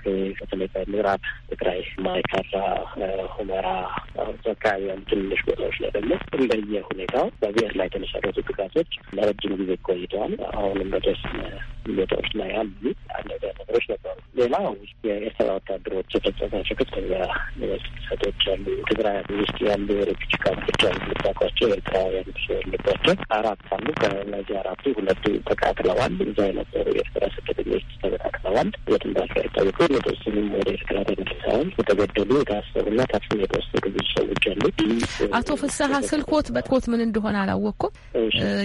በተለይ በምዕራብ ትግራይ ማይካድራ፣ ሁመራ አካባቢ ያሉ ትንሽ ቦታዎች ላይ ደግሞ እንደየ ሁኔታው በብሔር ላይ የተመሰረቱ ጥቃቶች ለረጅም ጊዜ ቆይተዋል። አሁንም በተወሰነ ቦታዎች ላይ አሉ። አንደዚያ ነገሮች ነበሩ። ሌላው የኤርትራ ወታደሮች የፈጸሟቸው ከፍተኛ ሰቶች አሉ፣ ትግራይ ውስጥ ያሉ ሬፊጂ ካምፖች አሉ። ልታቋቸው ኤርትራውያን ያሉባቸው አራት አሉ። ከእነዚህ አራቱ ሁለቱ ተቃጥለዋል። እዛ የነበሩ የኤርትራ ስደተኞች ተበታትለዋል። የት እንዳሉ የተወሰኑም ወደ ኤርትራ ተመልሰዋል። የተገደሉ የታሰሩና ታፍነው የተወሰዱ ብዙ ሰዎች አሉ። አቶ ፍስሀ ስልኮት በኮት ምን እንደሆነ አላወቅኩም።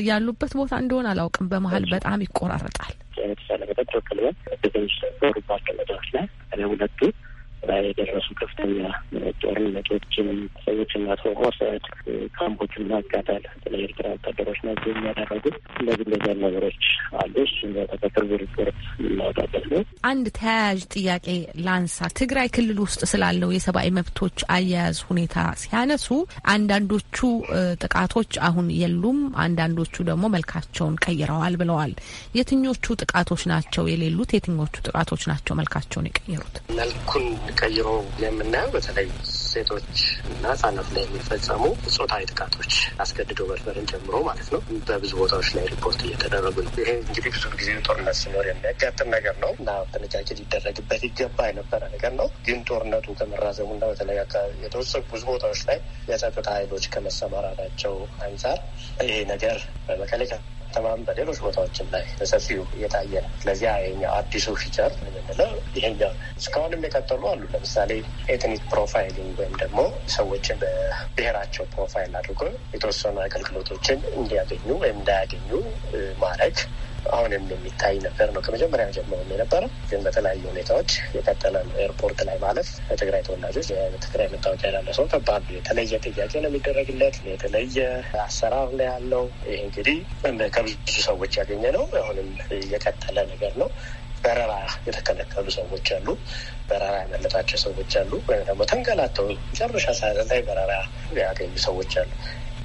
ያሉበት ቦታ እንደሆነ አላውቅም። በመሀል በጣም ይቆራረጣል። የተሳለ በጣም ተወክለዋል። ስደተኞች ሩባቸው ቦታዎች ላይ ሁለቱ ላይ የደረሱ ከፍተኛ ጦርነቶችን ሰዎችን ማስወሰድ፣ ካምፖችን ማቃጠል በተለይ ኤርትራ ወታደሮች ናቸው የሚያደረጉ እንደዚህ እንደዚያ ነገሮች አሉ። እሱን በተከተሉ ሪፖርት እናወጣበት ነው። አንድ ተያያዥ ጥያቄ ላንሳ። ትግራይ ክልል ውስጥ ስላለው የሰብአዊ መብቶች አያያዝ ሁኔታ ሲያነሱ አንዳንዶቹ ጥቃቶች አሁን የሉም፣ አንዳንዶቹ ደግሞ መልካቸውን ቀይረዋል ብለዋል። የትኞቹ ጥቃቶች ናቸው የሌሉት? የትኞቹ ጥቃቶች ናቸው መልካቸውን የቀየሩት? መልኩን ቀይሮ የምናየው በተለይ ሴቶች እና ህጻናት ላይ የሚፈጸሙ ጾታዊ ጥቃቶች አስገድዶ መድፈርን ጨምሮ ማለት ነው በብዙ ቦታዎች ላይ ሪፖርት እየተደረጉ ነው። ይሄ እንግዲህ ብዙ ጊዜ ጦርነት ሲኖር የሚያጋጥም ነገር ነው እና ጥንቃቄ ሊደረግበት ይገባ የነበረ ነገር ነው። ግን ጦርነቱ ከመራዘሙና በተለይ አካባቢ የተወሰኑ ብዙ ቦታዎች ላይ የጸጥታ ኃይሎች ከመሰማራታቸው አንጻር ይሄ ነገር በመቀሌ ተማም በሌሎች ቦታዎችም ላይ በሰፊው እየታየ ነው። ስለዚያ ይኛው አዲሱ ፊቸር የምንለው ይሄኛው እስካሁንም የቀጠሉ አሉ። ለምሳሌ ኤትኒክ ፕሮፋይሊንግ ወይም ደግሞ ሰዎችን በብሔራቸው ፕሮፋይል አድርጎ የተወሰኑ አገልግሎቶችን እንዲያገኙ ወይም እንዳያገኙ ማድረግ አሁንም የሚታይ ነገር ነው። ከመጀመሪያ ጀምሮ የነበረ ግን በተለያዩ ሁኔታዎች የቀጠለ ነው። ኤርፖርት ላይ ማለት ለትግራይ ተወላጆች የትግራይ መታወቂያ ያለ ሰው ከባድ የተለየ ጥያቄ ነው የሚደረግለት፣ የተለየ አሰራር ነው ያለው። ይህ እንግዲህ ከብዙ ሰዎች ያገኘ ነው። አሁንም የቀጠለ ነገር ነው። በረራ የተከለከሉ ሰዎች አሉ። በረራ ያመለጣቸው ሰዎች አሉ። ወይም ደግሞ ተንገላተው መጨረሻ ሰዓት ላይ በረራ ያገኙ ሰዎች አሉ።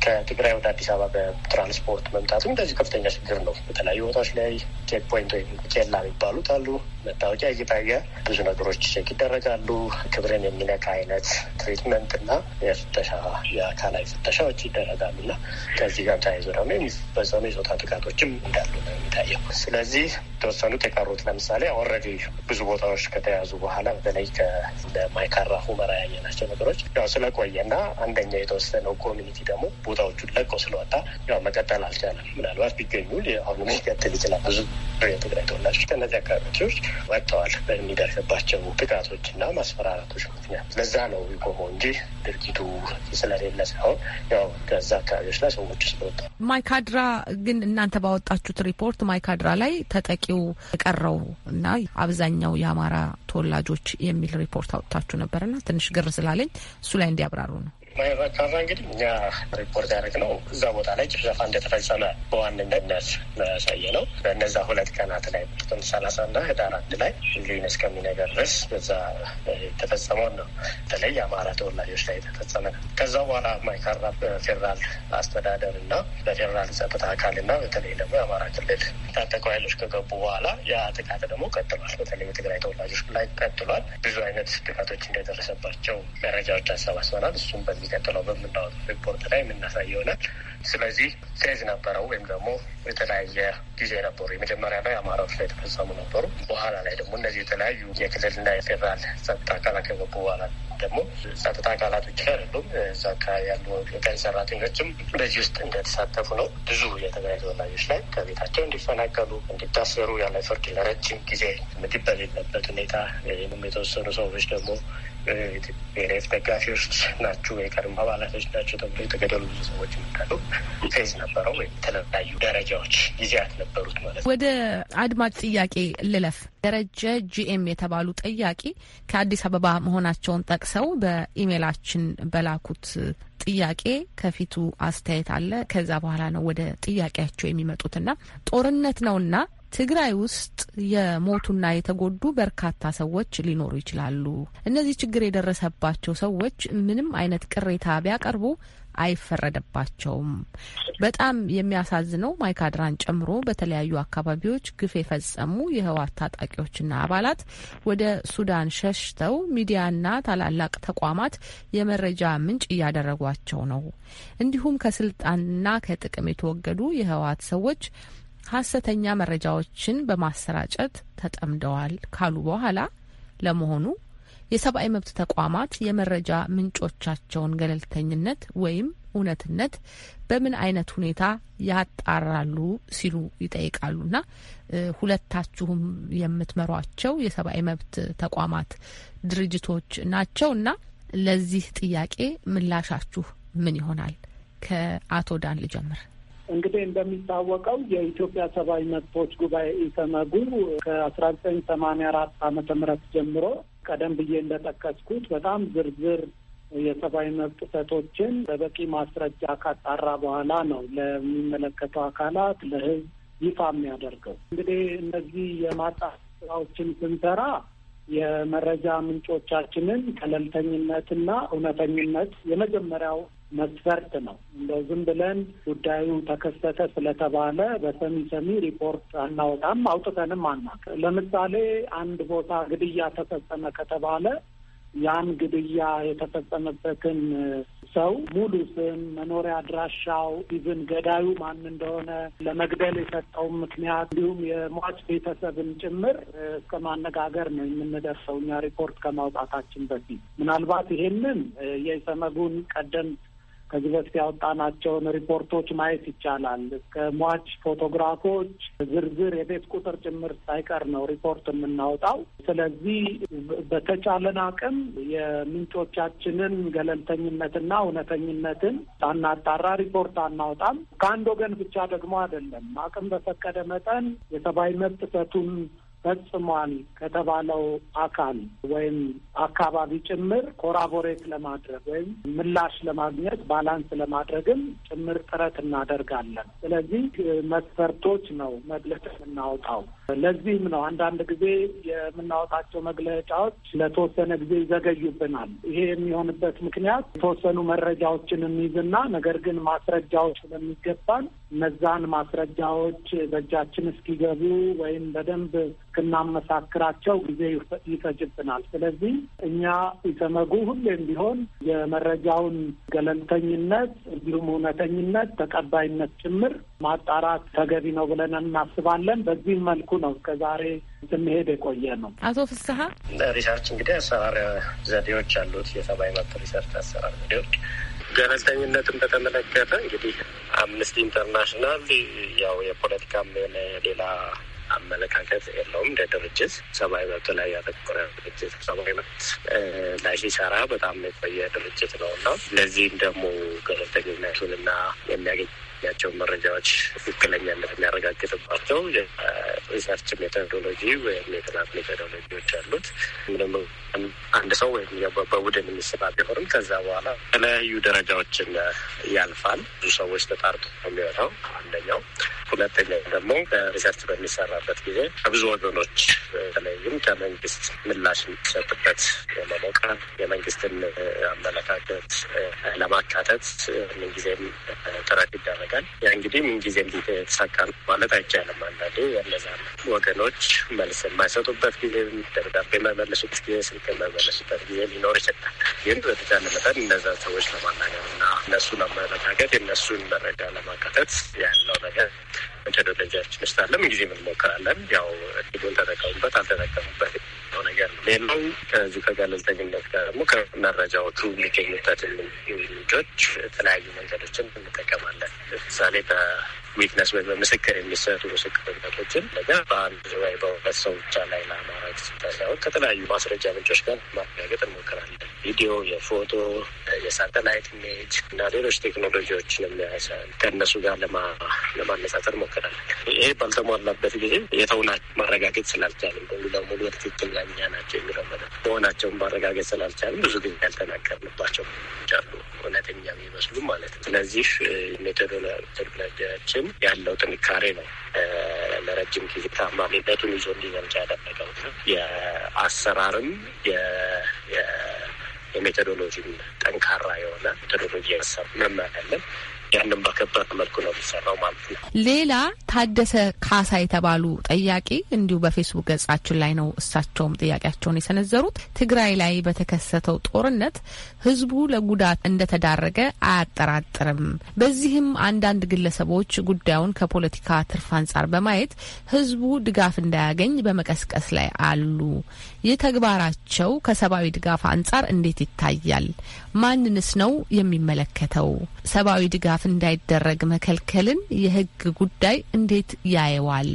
ከትግራይ ወደ አዲስ አበባ በትራንስፖርት መምጣቱ እንደዚህ ከፍተኛ ችግር ነው። በተለያዩ ቦታዎች ላይ ቼክ ፖይንት ወይም ኬላ የሚባሉት አሉ። መታወቂያ እየታየ ብዙ ነገሮች ቼክ ይደረጋሉ። ክብርን የሚነካ አይነት ትሪትመንት እና የፍተሻ የአካላዊ ፍተሻዎች ይደረጋሉ እና ከዚህ ጋር ተያይዞ ደግሞ የሚፈጸሙ የጾታ ጥቃቶችም እንዳሉ ነው የሚታየው። ስለዚህ የተወሰኑት የቀሩት ለምሳሌ ኦልሬዲ ብዙ ቦታዎች ከተያዙ በኋላ በተለይ ከማይካራ ሁመራ ያየናቸው ነገሮች ያው ስለቆየ እና አንደኛ የተወሰነው ኮሚኒቲ ደግሞ ቦታዎቹን ለቀው ስለወጣ ያው መቀጠል አልቻለም። ምናልባት ቢገኙ አሁኑ ሊቀጥል ይችላል። ብዙ የትግራይ ተወላጆች ከነዚህ አካባቢዎች ወጥተዋል በሚደርስባቸው ጥቃቶች እና ማስፈራራቶች ምክንያት። ለዛ ነው የቆመው እንጂ ድርጊቱ ስለሌለ ሳይሆን ያው ከዛ አካባቢዎች ላይ ሰዎቹ ስለወጣ። ማይካድራ ግን እናንተ ባወጣችሁት ሪፖርት ማይካድራ ላይ ተጠቂው የቀረው እና አብዛኛው የአማራ ተወላጆች የሚል ሪፖርት አውጥታችሁ ነበር ነበርና ትንሽ ግር ስላለኝ እሱ ላይ እንዲያብራሩ ነው። ማይባካራ እንግዲህ እኛ ሪፖርት ነው እዛ ቦታ ላይ ጭፍጨፋ እንደተፈጸመ በዋነኝነት ያሳየ ነው። በነዛ ሁለት ቀናት ላይ ጥቅምት እና ህዳር አንድ ላይ ሊን እስከሚነገር ድረስ በዛ የተፈጸመውን ነው። በተለይ የአማራ ተወላጆች ላይ የተፈጸመ ነው። ከዛ በኋላ ማይካራ በፌዴራል አስተዳደር እና በፌዴራል ጸጥታ አካል እና በተለይ ደግሞ የአማራ ክልል ታጠቁ ኃይሎች ከገቡ በኋላ ያ ጥቃት ደግሞ ቀጥሏል። በተለይ በትግራይ ተወላጆች ላይ ቀጥሏል። ብዙ አይነት ጥቃቶች እንደደረሰባቸው መረጃዎች አሰባስበናል። እሱም በ በሚቀጥለው በምናወጡ ሪፖርት ላይ የምናሳይ ይሆናል። ስለዚህ ፌዝ ነበረው ወይም ደግሞ የተለያየ ጊዜ ነበሩ። የመጀመሪያ ላይ አማራዎች ላይ የተፈጸሙ ነበሩ። በኋላ ላይ ደግሞ እነዚህ የተለያዩ የክልልና የፌዴራል ጸጥታ አካላት ከገቡ በኋላ ደግሞ ጸጥታ አካላት ብቻ አይደሉም። እዛ አካባቢ ያሉ የቀን ሰራተኞችም በዚህ ውስጥ እንደተሳተፉ ነው። ብዙ የትግራይ ተወላጆች ላይ ከቤታቸው እንዲፈናቀሉ፣ እንዲታሰሩ ያለ ፍርድ ለረጅም ጊዜ ምግብ በሌለበት ሁኔታ የተወሰኑ ሰዎች ደግሞ የሬፍ ደጋፊዎች ናችሁ የቀድሞ አባላቶች ናቸው ተብሎ የተገደሉ ብዙ ሰዎች እንዳሉ ፌዝ ነበረው ወይም የተለያዩ ደረጃዎች ጊዜያት ነበሩት ማለት ነው። ወደ አድማጭ ጥያቄ ልለፍ። ደረጀ ጂኤም የተባሉ ጠያቂ ከአዲስ አበባ መሆናቸውን ጠቅሰው በኢሜላችን በላኩት ጥያቄ ከፊቱ አስተያየት አለ። ከዛ በኋላ ነው ወደ ጥያቄያቸው የሚመጡትና ጦርነት ነውና ትግራይ ውስጥ የሞቱና የተጎዱ በርካታ ሰዎች ሊኖሩ ይችላሉ። እነዚህ ችግር የደረሰባቸው ሰዎች ምንም አይነት ቅሬታ ቢያቀርቡ አይፈረደባቸውም። በጣም የሚያሳዝነው ማይካድራን ጨምሮ በተለያዩ አካባቢዎች ግፍ የፈጸሙ የህወሓት ታጣቂዎችና አባላት ወደ ሱዳን ሸሽተው ሚዲያና ታላላቅ ተቋማት የመረጃ ምንጭ እያደረጓቸው ነው። እንዲሁም ከስልጣንና ከጥቅም የተወገዱ የህወሓት ሰዎች ሀሰተኛ መረጃዎችን በማሰራጨት ተጠምደዋል ካሉ በኋላ ለመሆኑ የሰብአዊ መብት ተቋማት የመረጃ ምንጮቻቸውን ገለልተኝነት ወይም እውነትነት በምን አይነት ሁኔታ ያጣራሉ ሲሉ ይጠይቃሉና ሁለታችሁም የምትመሯቸው የሰብአዊ መብት ተቋማት ድርጅቶች እና ለዚህ ጥያቄ ምላሻችሁ ምን ይሆናል? ከአቶ ዳን ልጀምር። እንግዲህ እንደሚታወቀው የኢትዮጵያ ሰብአዊ መብቶች ጉባኤ ኢሰመጉ ከአስራ ዘጠኝ ሰማንያ አራት ዓመተ ምህረት ጀምሮ ቀደም ብዬ እንደጠቀስኩት በጣም ዝርዝር የሰብአዊ መብት ጥሰቶችን በበቂ ማስረጃ ካጣራ በኋላ ነው ለሚመለከተው አካላት ለህዝብ ይፋ የሚያደርገው። እንግዲህ እነዚህ የማጣራት ስራዎችን ስንሰራ የመረጃ ምንጮቻችንን ገለልተኝነትና እውነተኝነት የመጀመሪያው መስፈርት ነው። እንደው ዝም ብለን ጉዳዩ ተከሰተ ስለተባለ በሰሚ ሰሚ ሪፖርት አናወጣም፣ አውጥተንም አናውቅ። ለምሳሌ አንድ ቦታ ግድያ ተፈጸመ ከተባለ ያን ግድያ የተፈጸመበትን ሰው ሙሉ ስም፣ መኖሪያ አድራሻው፣ ኢቭን ገዳዩ ማን እንደሆነ፣ ለመግደል የሰጠውን ምክንያት እንዲሁም የሟች ቤተሰብን ጭምር እስከ ማነጋገር ነው የምንደርሰው እኛ ሪፖርት ከማውጣታችን በፊት ምናልባት ይሄንን የሰመጉን ቀደምት ከዚህ በፊት ያወጣናቸውን ሪፖርቶች ማየት ይቻላል። እስከ ሟች ፎቶግራፎች ዝርዝር የቤት ቁጥር ጭምር ሳይቀር ነው ሪፖርት የምናወጣው። ስለዚህ በተቻለን አቅም የምንጮቻችንን ገለልተኝነትና እውነተኝነትን ሳናጣራ ሪፖርት አናወጣም። ከአንድ ወገን ብቻ ደግሞ አይደለም። አቅም በፈቀደ መጠን የሰብአዊ መብት ጥሰቱን ፈጽሟል ከተባለው አካል ወይም አካባቢ ጭምር ኮራቦሬት ለማድረግ ወይም ምላሽ ለማግኘት ባላንስ ለማድረግም ጭምር ጥረት እናደርጋለን። ስለዚህ መስፈርቶች ነው መግለጫ የምናወጣው። ለዚህም ነው አንዳንድ ጊዜ የምናወጣቸው መግለጫዎች ለተወሰነ ጊዜ ይዘገዩብናል። ይሄ የሚሆንበት ምክንያት የተወሰኑ መረጃዎችን የሚይዝና ነገር ግን ማስረጃዎች ስለሚገባን እነዛን ማስረጃዎች በእጃችን እስኪገቡ ወይም በደንብ እስክናመሳክራቸው ጊዜ ይፈጅብናል። ስለዚህ እኛ ኢሰመጉ ሁሌም ቢሆን የመረጃውን ገለልተኝነት እንዲሁም እውነተኝነት ተቀባይነት ጭምር ማጣራት ተገቢ ነው ብለን እናስባለን። በዚህ መልኩ ነው እስከዛሬ ስንሄድ የቆየ ነው። አቶ ፍስሀ ሪሰርች እንግዲህ አሰራር ዘዴዎች አሉት። የሰብአዊ መብት ሪሰርች አሰራር ዘዴዎች ገለልተኝነትን በተመለከተ እንግዲህ አምነስቲ ኢንተርናሽናል ያው የፖለቲካም ሆነ ሌላ አመለካከት የለውም። እንደ ድርጅት ሰብአዊ መብት ላይ ያተኮረ ድርጅት ሰብአዊ መብት ላይ ሲሰራ በጣም የቆየ ድርጅት ነው እና ለዚህም ደግሞ ገለልተኝነቱንና የሚያገኝ ያቸውን መረጃዎች ትክክለኛነት የሚያረጋግጥባቸው ሪሰርች ሜቶዶሎጂ ወይም የጥናት ሜቶዶሎጂዎች አሉት። ምንም አንድ ሰው ወይም በቡድን የሚሰራ ቢሆንም ከዛ በኋላ የተለያዩ ደረጃዎችን ያልፋል። ብዙ ሰዎች ተጣርቶ የሚሆነው አንደኛው። ሁለተኛው ደግሞ ሪሰርች በሚሰራበት ጊዜ ከብዙ ወገኖች በተለይም ከመንግስት ምላሽ የሚሰጥበት የመሞቃ የመንግስትን አመለካከት ለማካተት ምንጊዜም ጥረት ይደረጋል። ይጠይቃል። ያ እንግዲህ ምንጊዜም የተሳካ ማለት አይቻልም። አንዳንዴ ያለዛ ወገኖች መልስ የማይሰጡበት ጊዜ፣ ደርጋ የማይመለሱበት ጊዜ፣ ስልክ የማይመለሱበት ጊዜ ሊኖር ይችላል። ግን በተቻለ መጠን እነዛ ሰዎች ለማናገር እና እነሱ ለማረጋገጥ የእነሱን መረጃ ለማካተት ያለው ነገር መቸ ደረጃችን ውስጥ አለ። ምንጊዜ ምንሞክራለን። ያው እድሉን ተጠቀሙበት አልተጠቀሙበት ነገር ነው። ሌላው ከዚ ከገለልተኝነት ጋር ደግሞ ከመረጃዎቹ የሚገኙበትን ምንጮች የተለያዩ መንገዶችን እንጠቀማለን። ለምሳሌ በዊትነስ ወይም በምስክር የሚሰጡ ምስክርነቶችን ነገ በአንድ ወይ በሁለት ሰው ብቻ ላይ ለአማራ ሳይሆን ከተለያዩ ማስረጃ ምንጮች ጋር ማረጋገጥ እንሞክራለን። የቪዲዮ፣ የፎቶ፣ የሳተላይት ሜጅ እና ሌሎች ቴክኖሎጂዎችንም ከእነሱ ጋር ለማነጻጸር ሞክራለን። ይሄ ባልተሟላበት ጊዜ የተውና ማረጋገጥ ስላልቻልም ሙሉ ለሙሉ ትክክለኛ ናቸው የሚለው መሆናቸውን ማረጋገጥ ስላልቻልም ብዙ ጊዜ ያልተናገርንባቸው አሉ እውነተኛ የሚመስሉ ማለት ነው። ስለዚህ ሜቶዶሎጂያችን ያለው ጥንካሬ ነው ለረጅም ጊዜ ታማሚነቱን ይዞ እንዲዘምጫ ያደረገው የአሰራርም የሜቶዶሎጂ ጠንካራ የሆነ ሜቶዶሎጂ የሰ መመሪያ አለን። ያንን በከበረ መልኩ ነው የሚሰራው ማለት ነው። ሌላ ታደሰ ካሳ የተባሉ ጠያቂ እንዲሁ በፌስቡክ ገጻችን ላይ ነው እሳቸውም ጥያቄያቸውን የሰነዘሩት። ትግራይ ላይ በተከሰተው ጦርነት ህዝቡ ለጉዳት እንደተዳረገ አያጠራጥርም። በዚህም አንዳንድ ግለሰቦች ጉዳዩን ከፖለቲካ ትርፍ አንጻር በማየት ህዝቡ ድጋፍ እንዳያገኝ በመቀስቀስ ላይ አሉ። ይህ ተግባራቸው ከሰብአዊ ድጋፍ አንጻር እንዴት ይታያል? ማንንስ ነው የሚመለከተው? ሰብአዊ ድጋፍ እንዳይደረግ መከልከልን የህግ ጉዳይ እንዴት ያየዋል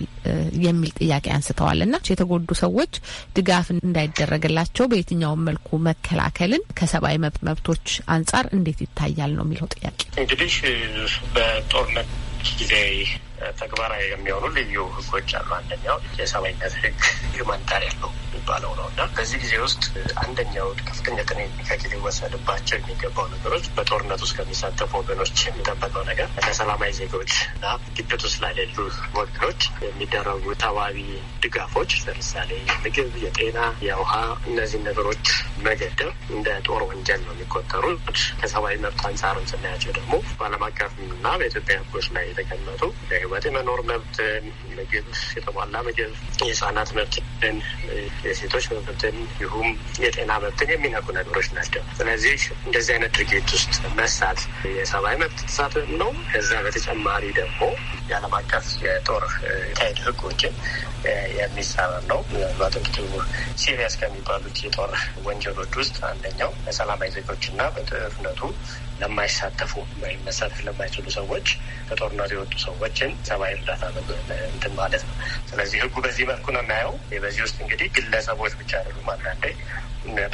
የሚል ጥያቄ አንስተዋል እና የተጎዱ ሰዎች ድጋፍ እንዳይደረግላቸው በየትኛውም መልኩ መከላከልን ከሰብአዊ መብቶች አንጻር እንዴት ይታያል ነው የሚለው ጥያቄ እንግዲህ በጦርነት ጊዜ ተግባራዊ የሚሆኑ ልዩ ህጎች አሉ። አንደኛው የሰብአዊነት ህግ ሂውማኒታሪ ያለው የሚባለው ነው እና በዚህ ጊዜ ውስጥ አንደኛው ከፍተኛ ጥንቃቄ ሊወሰድባቸው የሚገባው ነገሮች በጦርነት ውስጥ ከሚሳተፉ ወገኖች የሚጠበቀው ነገር ለሰላማዊ ዜጎች እና ግጭት ውስጥ ላሌሉ ወገኖች የሚደረጉ ተባቢ ድጋፎች፣ ለምሳሌ ምግብ፣ የጤና፣ የውሃ እነዚህ ነገሮች መገደብ እንደ ጦር ወንጀል ነው የሚቆጠሩ ከሰብአዊ መብት አንጻርም ስናያቸው ደግሞ በዓለም አቀፍና በኢትዮጵያ ህጎች ላይ የተቀመጡ በህይወት የመኖር መብትን፣ ምግብ፣ የተሟላ ምግብ፣ የህፃናት መብትን፣ የሴቶች መብትን ይሁም የጤና መብትን የሚነኩ ነገሮች ናቸው። ስለዚህ እንደዚህ አይነት ድርጊት ውስጥ መሳት የሰብአዊ መብት ጥሰት ነው። ከዛ በተጨማሪ ደግሞ የዓለም አቀፍ የጦር ታይድ ህጎችን የሚሳረር ነው። በጥቂቱ ሲሪያስ ከሚባሉት የጦር ወንጀሎች ውስጥ አንደኛው በሰላማዊ ዜጎችና በጦርነቱ ለማይሳተፉ ወይም መሳተፍ ለማይችሉ ሰዎች ከጦርነቱ የወጡ ሰዎችን ሰብአዊ እርዳታ እንትን ማለት ነው። ስለዚህ ህጉ በዚህ መልኩ ነው የሚያየው። በዚህ ውስጥ እንግዲህ ግለሰቦች ብቻ አይደሉም። አንዳንዴ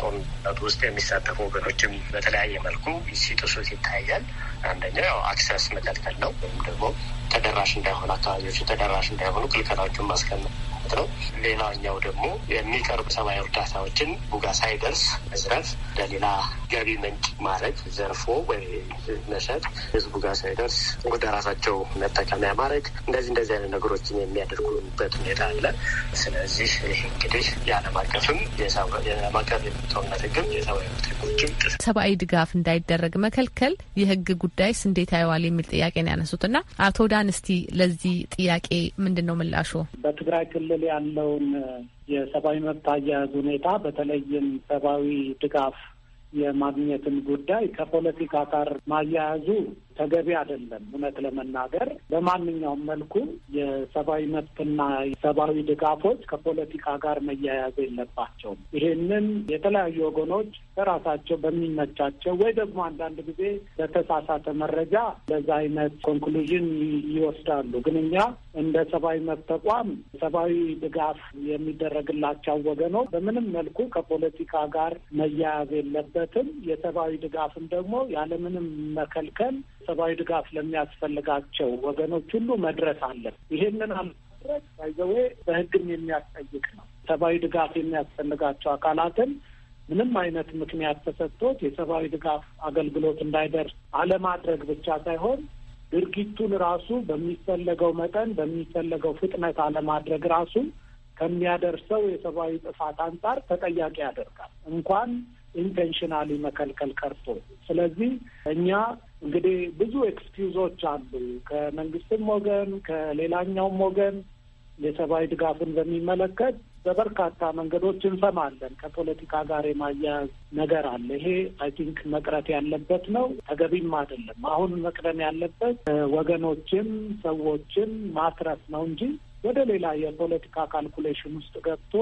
ጦርነቱ ውስጥ የሚሳተፉ ወገኖችም በተለያየ መልኩ ሲጥሱት ይታያል። አንደኛው ያው አክሰስ መከልከል ነው፣ ወይም ደግሞ ተደራሽ እንዳይሆኑ አካባቢዎቹ ተደራሽ እንዳይሆኑ ክልከላዎችን ማስቀመጥ ማለት ነው። ሌላኛው ደግሞ የሚቀርቡ ሰብአዊ እርዳታዎችን ቡጋ ሳይደርስ መዝረፍ፣ ለሌላ ገቢ ምንጭ ማድረግ፣ ዘርፎ ወይ መሸጥ፣ ህዝቡ ጋር ሳይደርስ ወደ ራሳቸው መጠቀሚያ ማድረግ፣ እንደዚህ እንደዚህ አይነት ነገሮችን የሚያደርጉበት ሁኔታ አለ። ስለዚህ ይህ እንግዲህ የዓለም አቀፍም የዓለም አቀፍ የጦርነት ህግም የሰብአዊ መብት ህጎችም ሰብአዊ ድጋፍ እንዳይደረግ መከልከል የህግ ጉዳይ እንዴት አይዋል የሚል ጥያቄ ነው ያነሱት እና አቶ ዳን እስቲ ለዚህ ጥያቄ ምንድን ነው ምላሹ? በትግራይ ክልል ክልል ያለውን የሰብአዊ መብት አያያዝ ሁኔታ በተለይም ሰብአዊ ድጋፍ የማግኘትን ጉዳይ ከፖለቲካ ጋር ማያያዙ ተገቢ አይደለም። እውነት ለመናገር በማንኛውም መልኩ የሰብአዊ መብትና ሰብአዊ ድጋፎች ከፖለቲካ ጋር መያያዝ የለባቸውም። ይሄንን የተለያዩ ወገኖች በራሳቸው በሚመቻቸው ወይ ደግሞ አንዳንድ ጊዜ በተሳሳተ መረጃ በዛ አይነት ኮንክሉዥን ይወስዳሉ። ግን እኛ እንደ ሰብአዊ መብት ተቋም ሰብአዊ ድጋፍ የሚደረግላቸው ወገኖች በምንም መልኩ ከፖለቲካ ጋር መያያዝ የለበትም። የሰብአዊ ድጋፍም ደግሞ ያለምንም መከልከል ሰብአዊ ድጋፍ ለሚያስፈልጋቸው ወገኖች ሁሉ መድረስ አለን። ይሄንን አለማድረግ ባይዘዌ በህግም የሚያስጠይቅ ነው። ሰብአዊ ድጋፍ የሚያስፈልጋቸው አካላትን ምንም አይነት ምክንያት ተሰጥቶት የሰብአዊ ድጋፍ አገልግሎት እንዳይደርስ አለማድረግ ብቻ ሳይሆን ድርጊቱን ራሱ በሚፈለገው መጠን በሚፈለገው ፍጥነት አለማድረግ ራሱ ከሚያደርሰው የሰብአዊ ጥፋት አንጻር ተጠያቂ ያደርጋል። እንኳን ኢንቴንሽናሊ መከልከል ቀርቶ። ስለዚህ እኛ እንግዲህ ብዙ ኤክስኪውዞች አሉ ከመንግስትም ወገን ከሌላኛውም ወገን የሰብአዊ ድጋፍን በሚመለከት በበርካታ መንገዶች እንሰማለን። ከፖለቲካ ጋር የማያያዝ ነገር አለ። ይሄ አይ ቲንክ መቅረት ያለበት ነው፣ ተገቢም አይደለም። አሁን መቅደም ያለበት ወገኖችን፣ ሰዎችን ማትረፍ ነው እንጂ ወደ ሌላ የፖለቲካ ካልኩሌሽን ውስጥ ገብቶ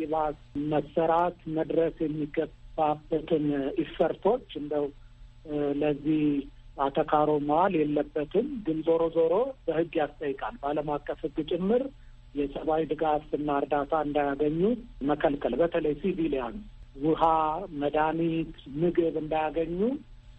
ይባስ መሰራት መድረስ የሚገባ ባበትን ኢፈርቶች እንደው ለዚህ አተካሮ መዋል የለበትም። ግን ዞሮ ዞሮ በህግ ያስጠይቃል። በዓለም አቀፍ ህግ ጭምር የሰብአዊ እና እርዳታ እንዳያገኙ መከልከል፣ በተለይ ሲቪሊያን ውሃ፣ መድኃኒት፣ ምግብ እንዳያገኙ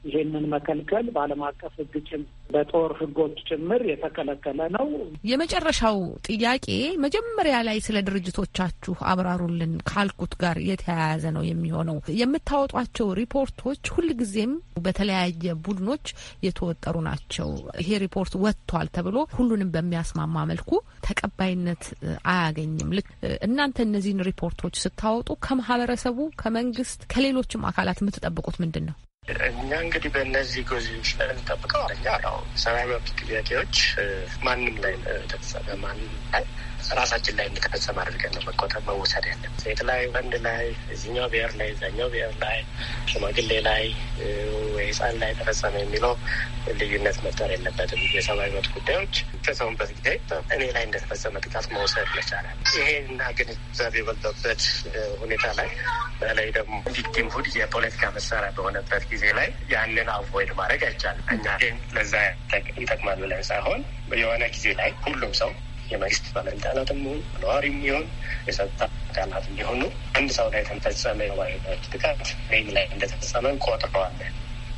ይህንን መከልከል በዓለም አቀፍ ሕግ ጭምር በጦር ሕጎች ጭምር የተከለከለ ነው። የመጨረሻው ጥያቄ መጀመሪያ ላይ ስለ ድርጅቶቻችሁ አብራሩልን ካልኩት ጋር የተያያዘ ነው የሚሆነው። የምታወጧቸው ሪፖርቶች ሁልጊዜም በተለያየ ቡድኖች የተወጠሩ ናቸው። ይሄ ሪፖርት ወጥቷል ተብሎ ሁሉንም በሚያስማማ መልኩ ተቀባይነት አያገኝም። ልክ እናንተ እነዚህን ሪፖርቶች ስታወጡ ከማህበረሰቡ፣ ከመንግስት፣ ከሌሎችም አካላት የምትጠብቁት ምንድን ነው? እኛ እንግዲህ በእነዚህ ጎዚዎች ላይ የምንጠብቀው አንደኛ ሰብአዊ መብት ጥያቄዎች ማንም ላይ ተፈጸመ ማንም ላይ ራሳችን ላይ እንዲፈጸም አድርገን ነው መቆጠብ መወሰድ ያለን። ሴት ላይ፣ ወንድ ላይ፣ እዚኛው ብሔር ላይ፣ እዛኛው ብሔር ላይ፣ ሽማግሌ ላይ ወይ ህፃን ላይ ተፈጸመ የሚለው ልዩነት መጠር የለበትም። የሰብአዊ መብት ጉዳዮች ፈጸሙበት ጊዜ እኔ ላይ እንደተፈጸመ ጥቃት መውሰድ መቻላል። ይሄና ግንዛቤ በዛበት ሁኔታ ላይ በተለይ ደግሞ ቪክቲምሁድ ሁድ የፖለቲካ መሳሪያ በሆነበት ጊዜ ላይ ያንን አቮይድ ማድረግ አይቻልም። እኛ ግን ለዛ ይጠቅማል ብለን ሳይሆን የሆነ ጊዜ ላይ ሁሉም ሰው የመንግስት ባለስልጣናትም ሆን ነዋሪም ይሆን የጸጥታ አካላት እንዲሆኑ አንድ ሰው ላይ የተፈጸመ የዋይነት ጥቃት ወይም ላይ እንደተፈጸመ ቆጥረዋለን።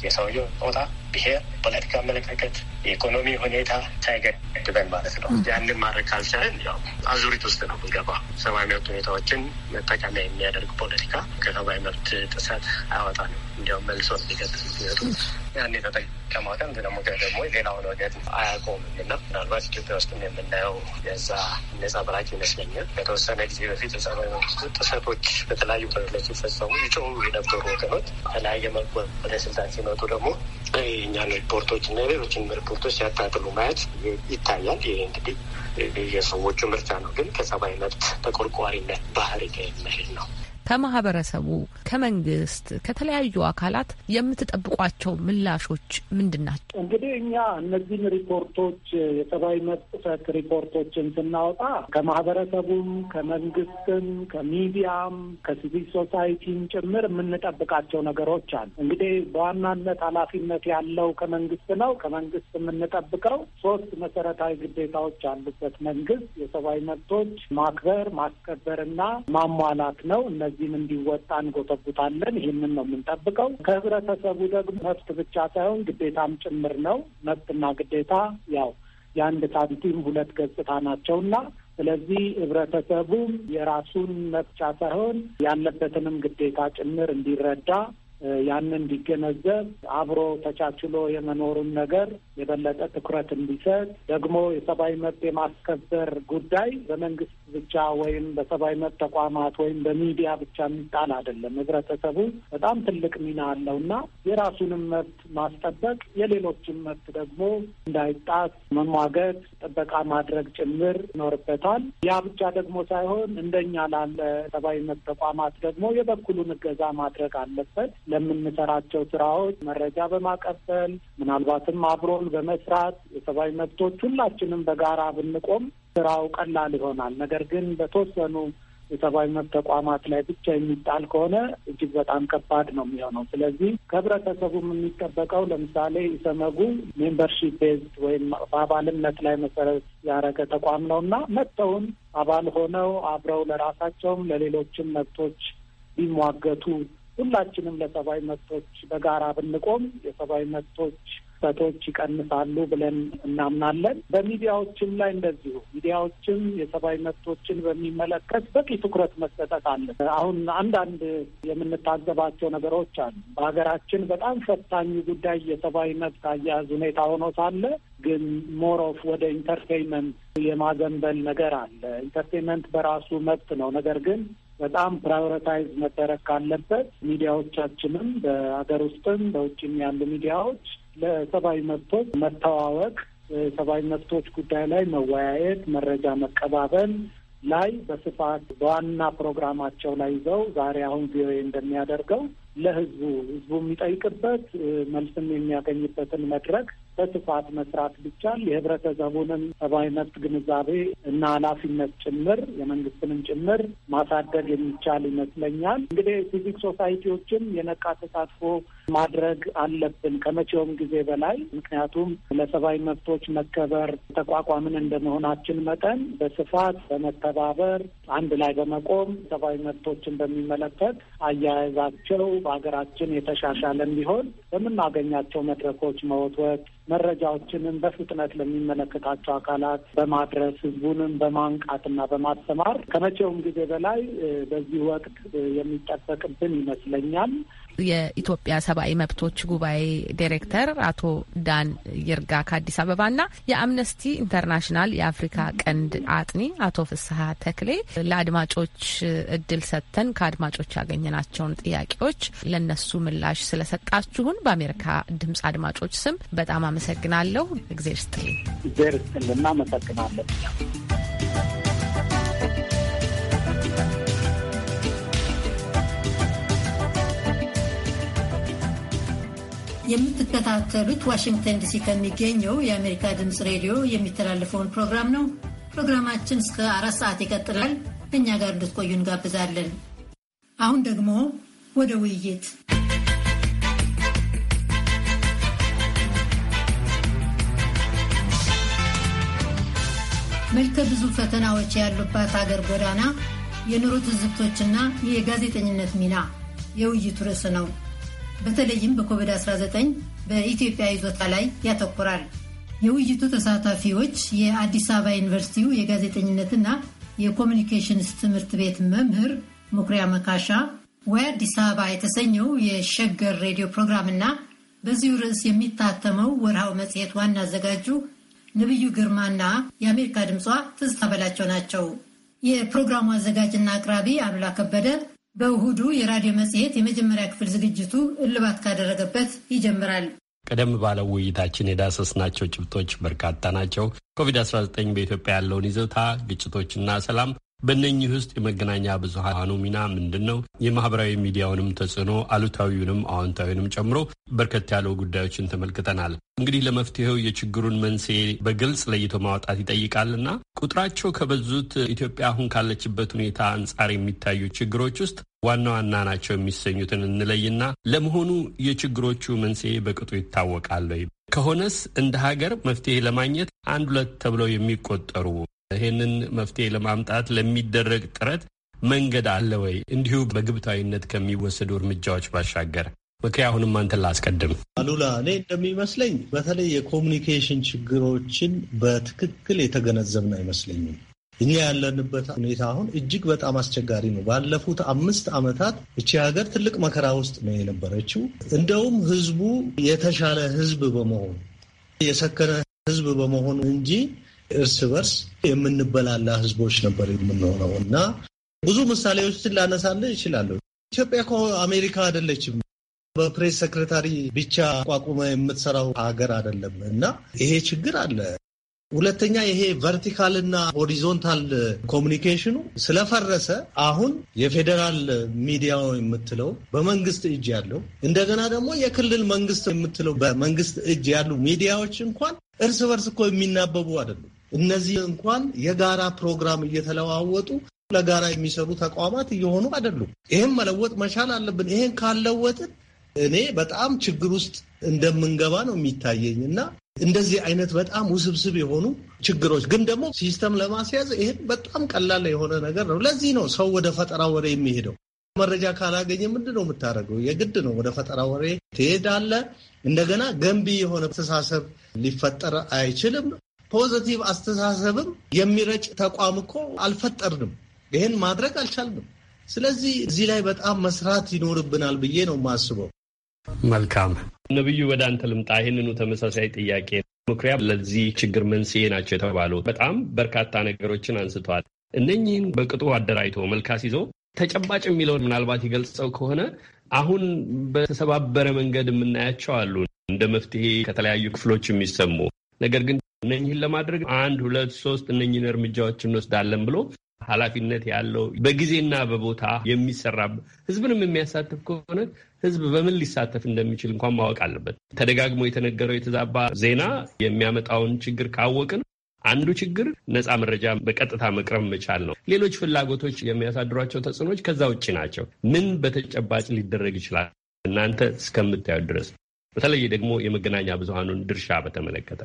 የሰውየው ጾታ፣ ብሔር፣ ፖለቲካ አመለካከት፣ የኢኮኖሚ ሁኔታ ሳይገድበን ማለት ነው። ያንን ማድረግ ካልቻለን ያው አዙሪት ውስጥ ነው ምንገባ። ሰብአዊ መብት ሁኔታዎችን መጠቃለያ የሚያደርግ ፖለቲካ ከሰብአዊ መብት ጥሰት አያወጣንም፣ እንዲያውም መልሶ ነው የሚገጥም። ያን የተጠቀማቀን አካል ደግሞ ደግሞ ሌላውን ወገን አያቆምም እና ምናልባት ኢትዮጵያ ውስጥ የምናየው የዛ ነጸብራቅ ይመስለኛል። ከተወሰነ ጊዜ በፊት የሰብአዊ መብት ጥሰቶች በተለያዩ ክልሎች ሲፈጸሙ ይጮሁ የነበሩ ወገኖች በተለያየ መልኩ ወደ ስልጣን ሲመጡ ደግሞ የእኛን ሪፖርቶች እና የሌሎችን ሪፖርቶች ሲያጣጥሉ ማየት ይታያል። ይህ እንግዲህ የሰዎቹ ምርጫ ነው፣ ግን ከሰብአዊ መብት ተቆርቋሪነት ባህሪ ጋር የሚሄድ ነው። ከማህበረሰቡ፣ ከመንግስት፣ ከተለያዩ አካላት የምትጠብቋቸው ምላሾች ምንድን ናቸው? እንግዲህ እኛ እነዚህን ሪፖርቶች የሰብአዊ መብት ጥሰት ሪፖርቶችን ስናወጣ ከማህበረሰቡም፣ ከመንግስትም፣ ከሚዲያም፣ ከሲቪል ሶሳይቲም ጭምር የምንጠብቃቸው ነገሮች አሉ። እንግዲህ በዋናነት ኃላፊነት ያለው ከመንግስት ነው። ከመንግስት የምንጠብቀው ሶስት መሰረታዊ ግዴታዎች ያሉበት መንግስት የሰብአዊ መብቶች ማክበር ማስከበርና ማሟላት ነው። ከዚህም እንዲወጣ እንጎተጉታለን። ይህንን ነው የምንጠብቀው። ከህብረተሰቡ ደግሞ መብት ብቻ ሳይሆን ግዴታም ጭምር ነው። መብትና ግዴታ ያው የአንድ ሳንቲም ሁለት ገጽታ ናቸውና ስለዚህ ህብረተሰቡም የራሱን መብቻ ሳይሆን ያለበትንም ግዴታ ጭምር እንዲረዳ ያንን እንዲገነዘብ አብሮ ተቻችሎ የመኖሩን ነገር የበለጠ ትኩረት እንዲሰጥ ደግሞ የሰብአዊ መብት የማስከበር ጉዳይ በመንግስት ብቻ ወይም በሰብአዊ መብት ተቋማት ወይም በሚዲያ ብቻ የሚጣል አይደለም። ህብረተሰቡ በጣም ትልቅ ሚና አለው እና የራሱንም መብት ማስጠበቅ የሌሎችን መብት ደግሞ እንዳይጣስ መሟገት፣ ጥበቃ ማድረግ ጭምር ይኖርበታል። ያ ብቻ ደግሞ ሳይሆን እንደኛ ላለ ሰብአዊ መብት ተቋማት ደግሞ የበኩሉን እገዛ ማድረግ አለበት። ለምንሰራቸው ስራዎች መረጃ በማቀበል ምናልባትም አብሮን በመስራት የሰብአዊ መብቶች ሁላችንም በጋራ ብንቆም ስራው ቀላል ይሆናል። ነገር ግን በተወሰኑ የሰብአዊ መብት ተቋማት ላይ ብቻ የሚጣል ከሆነ እጅግ በጣም ከባድ ነው የሚሆነው። ስለዚህ ከህብረተሰቡም የሚጠበቀው ለምሳሌ ኢሰመጉ ሜምበርሺፕ ቤዝድ ወይም በአባልነት ላይ መሰረት ያደረገ ተቋም ነው እና መጥተውን አባል ሆነው አብረው ለራሳቸውም ለሌሎችም መብቶች ቢሟገቱ ሁላችንም ለሰብአዊ መብቶች በጋራ ብንቆም የሰብአዊ መብቶች ክስተቶች ይቀንሳሉ ብለን እናምናለን። በሚዲያዎችም ላይ እንደዚሁ ሚዲያዎችም የሰብአዊ መብቶችን በሚመለከት በቂ ትኩረት መሰጠት አለ። አሁን አንዳንድ የምንታዘባቸው ነገሮች አሉ። በሀገራችን በጣም ፈታኙ ጉዳይ የሰብአዊ መብት አያያዝ ሁኔታ ሆኖ ሳለ ግን ሞሮፍ ወደ ኢንተርቴንመንት የማዘንበል ነገር አለ። ኢንተርቴንመንት በራሱ መብት ነው። ነገር ግን በጣም ፕራዮሪታይዝ መደረግ ካለበት ሚዲያዎቻችንም በሀገር ውስጥም በውጭም ያሉ ሚዲያዎች ለሰብአዊ መብቶች መተዋወቅ፣ ሰብአዊ መብቶች ጉዳይ ላይ መወያየት፣ መረጃ መቀባበል ላይ በስፋት በዋና ፕሮግራማቸው ላይ ይዘው ዛሬ አሁን ቪኦኤ እንደሚያደርገው ለህዝቡ ህዝቡ የሚጠይቅበት መልስም የሚያገኝበትን መድረክ በስፋት መስራት ቢቻል የህብረተሰቡንም ሰብአዊ መብት ግንዛቤ እና ኃላፊነት ጭምር የመንግስትንም ጭምር ማሳደግ የሚቻል ይመስለኛል። እንግዲህ ሲቪክ ሶሳይቲዎችም የነቃ ተሳትፎ ማድረግ አለብን ከመቼውም ጊዜ በላይ ምክንያቱም ለሰብአዊ መብቶች መከበር ተቋቋምን እንደመሆናችን መጠን በስፋት በመተባበር አንድ ላይ በመቆም ሰብአዊ መብቶችን በሚመለከት አያያዛቸው በሀገራችን የተሻሻለ ቢሆን በምናገኛቸው መድረኮች መወትወት መረጃዎችንም በፍጥነት ለሚመለከታቸው አካላት በማድረስ ህዝቡንም በማንቃትና በማስተማር ከመቼውም ጊዜ በላይ በዚህ ወቅት የሚጠበቅብን ይመስለኛል። የኢትዮጵያ ሰብአዊ መብቶች ጉባኤ ዳይሬክተር አቶ ዳን ይርጋ ከአዲስ አበባ እና የአምነስቲ ኢንተርናሽናል የአፍሪካ ቀንድ አጥኒ አቶ ፍስሀ ተክሌ ለአድማጮች እድል ሰጥተን ከአድማጮች ያገኘናቸውን ጥያቄዎች ለነሱ ምላሽ ስለሰጣችሁን በአሜሪካ ድምጽ አድማጮች ስም በጣም አመሰግናለሁ። እግዜር ስጥልኝ። እግዜር እናመሰግናለን። የምትከታተሉት ዋሽንግተን ዲሲ ከሚገኘው የአሜሪካ ድምፅ ሬዲዮ የሚተላለፈውን ፕሮግራም ነው። ፕሮግራማችን እስከ አራት ሰዓት ይቀጥላል። ከእኛ ጋር እንድትቆዩ እንጋብዛለን። አሁን ደግሞ ወደ ውይይት መልከ ብዙ ፈተናዎች ያሉባት ሀገር ጎዳና፣ የኑሮ ትዝብቶችና የጋዜጠኝነት ሚና የውይይቱ ርዕስ ነው። በተለይም በኮቪድ-19 በኢትዮጵያ ይዞታ ላይ ያተኩራል። የውይይቱ ተሳታፊዎች የአዲስ አበባ ዩኒቨርሲቲው የጋዜጠኝነትና የኮሚኒኬሽንስ ትምህርት ቤት መምህር መኩሪያ መካሻ፣ ወይ አዲስ አበባ የተሰኘው የሸገር ሬዲዮ ፕሮግራም እና በዚሁ ርዕስ የሚታተመው ወርሃው መጽሔት ዋና አዘጋጁ ነብዩ ግርማና የአሜሪካ ድምጿ ትዝታ በላቸው ናቸው። የፕሮግራሙ አዘጋጅና አቅራቢ አሉላ ከበደ በእሁዱ የራዲዮ መጽሔት የመጀመሪያ ክፍል ዝግጅቱ እልባት ካደረገበት ይጀምራል። ቀደም ባለው ውይይታችን የዳሰስናቸው ጭብጦች በርካታ ናቸው። ኮቪድ-19 በኢትዮጵያ ያለውን ይዘታ ግጭቶችና ሰላም በእነኚህ ውስጥ የመገናኛ ብዙሃኑ ሚና ምንድን ነው? የማህበራዊ ሚዲያውንም ተጽዕኖ አሉታዊውንም አዎንታዊንም ጨምሮ በርከት ያሉ ጉዳዮችን ተመልክተናል። እንግዲህ ለመፍትሄው የችግሩን መንስኤ በግልጽ ለይቶ ማውጣት ይጠይቃልና ቁጥራቸው ከበዙት ኢትዮጵያ አሁን ካለችበት ሁኔታ አንጻር የሚታዩ ችግሮች ውስጥ ዋና ዋና ናቸው የሚሰኙትን እንለይና ለመሆኑ የችግሮቹ መንስኤ በቅጡ ይታወቃል ወይ? ከሆነስ እንደ ሀገር መፍትሄ ለማግኘት አንድ ሁለት ተብለው የሚቆጠሩ ይህንን መፍትሄ ለማምጣት ለሚደረግ ጥረት መንገድ አለ ወይ? እንዲሁ በግብታዊነት ከሚወሰዱ እርምጃዎች ባሻገር ምክሪ አሁንም አንተን ላስቀድም አሉላ፣ እኔ እንደሚመስለኝ በተለይ የኮሚኒኬሽን ችግሮችን በትክክል የተገነዘብን አይመስለኝም። እኛ ያለንበት ሁኔታ አሁን እጅግ በጣም አስቸጋሪ ነው። ባለፉት አምስት ዓመታት እቺ ሀገር ትልቅ መከራ ውስጥ ነው የነበረችው። እንደውም ህዝቡ የተሻለ ህዝብ በመሆኑ የሰከነ ህዝብ በመሆኑ እንጂ እርስ በርስ የምንበላላ ህዝቦች ነበር የምንሆነው እና ብዙ ምሳሌዎችን ላነሳል ይችላሉ። ኢትዮጵያ እኮ አሜሪካ አይደለችም። በፕሬስ ሰክሬታሪ ብቻ ቋቁመ የምትሰራው ሀገር አይደለም እና ይሄ ችግር አለ። ሁለተኛ ይሄ ቨርቲካል እና ሆሪዞንታል ኮሚኒኬሽኑ ስለፈረሰ አሁን የፌዴራል ሚዲያው የምትለው በመንግስት እጅ ያለው እንደገና ደግሞ የክልል መንግስት የምትለው በመንግስት እጅ ያሉ ሚዲያዎች እንኳን እርስ በርስ እኮ የሚናበቡ አይደሉም። እነዚህ እንኳን የጋራ ፕሮግራም እየተለዋወጡ ለጋራ የሚሰሩ ተቋማት እየሆኑ አይደሉም። ይህም መለወጥ መቻል አለብን። ይህን ካልለወጥን እኔ በጣም ችግር ውስጥ እንደምንገባ ነው የሚታየኝ እና እንደዚህ አይነት በጣም ውስብስብ የሆኑ ችግሮች ግን ደግሞ ሲስተም ለማስያዝ ይህን በጣም ቀላል የሆነ ነገር ነው። ለዚህ ነው ሰው ወደ ፈጠራ ወሬ የሚሄደው። መረጃ ካላገኘ ምንድን ነው የምታደርገው? የግድ ነው ወደ ፈጠራ ወሬ ትሄዳለህ። እንደገና ገንቢ የሆነ አስተሳሰብ ሊፈጠር አይችልም። ፖዘቲቭ አስተሳሰብም የሚረጭ ተቋም እኮ አልፈጠርንም። ይህን ማድረግ አልቻልንም። ስለዚህ እዚህ ላይ በጣም መስራት ይኖርብናል ብዬ ነው የማስበው። መልካም ነብዩ፣ ወደ አንተ ልምጣ። ይህንኑ ተመሳሳይ ጥያቄ ምክንያት ለዚህ ችግር መንስኤ ናቸው የተባሉ በጣም በርካታ ነገሮችን አንስተዋል። እነኚህን በቅጡ አደራጅቶ መልካስ ይዞ ተጨባጭ የሚለውን ምናልባት ይገልጸው ከሆነ አሁን በተሰባበረ መንገድ የምናያቸው አሉ እንደ መፍትሄ ከተለያዩ ክፍሎች የሚሰሙ ነገር ግን እነኝህን ለማድረግ አንድ ሁለት ሶስት እነኝህን እርምጃዎች እንወስዳለን ብሎ ኃላፊነት ያለው በጊዜና በቦታ የሚሰራበት ህዝብንም የሚያሳትፍ ከሆነ ህዝብ በምን ሊሳተፍ እንደሚችል እንኳን ማወቅ አለበት። ተደጋግሞ የተነገረው የተዛባ ዜና የሚያመጣውን ችግር ካወቅን አንዱ ችግር ነፃ መረጃ በቀጥታ መቅረብ መቻል ነው። ሌሎች ፍላጎቶች የሚያሳድሯቸው ተጽዕኖች ከዛ ውጭ ናቸው። ምን በተጨባጭ ሊደረግ ይችላል? እናንተ እስከምታዩት ድረስ በተለይ ደግሞ የመገናኛ ብዙሃኑን ድርሻ በተመለከተ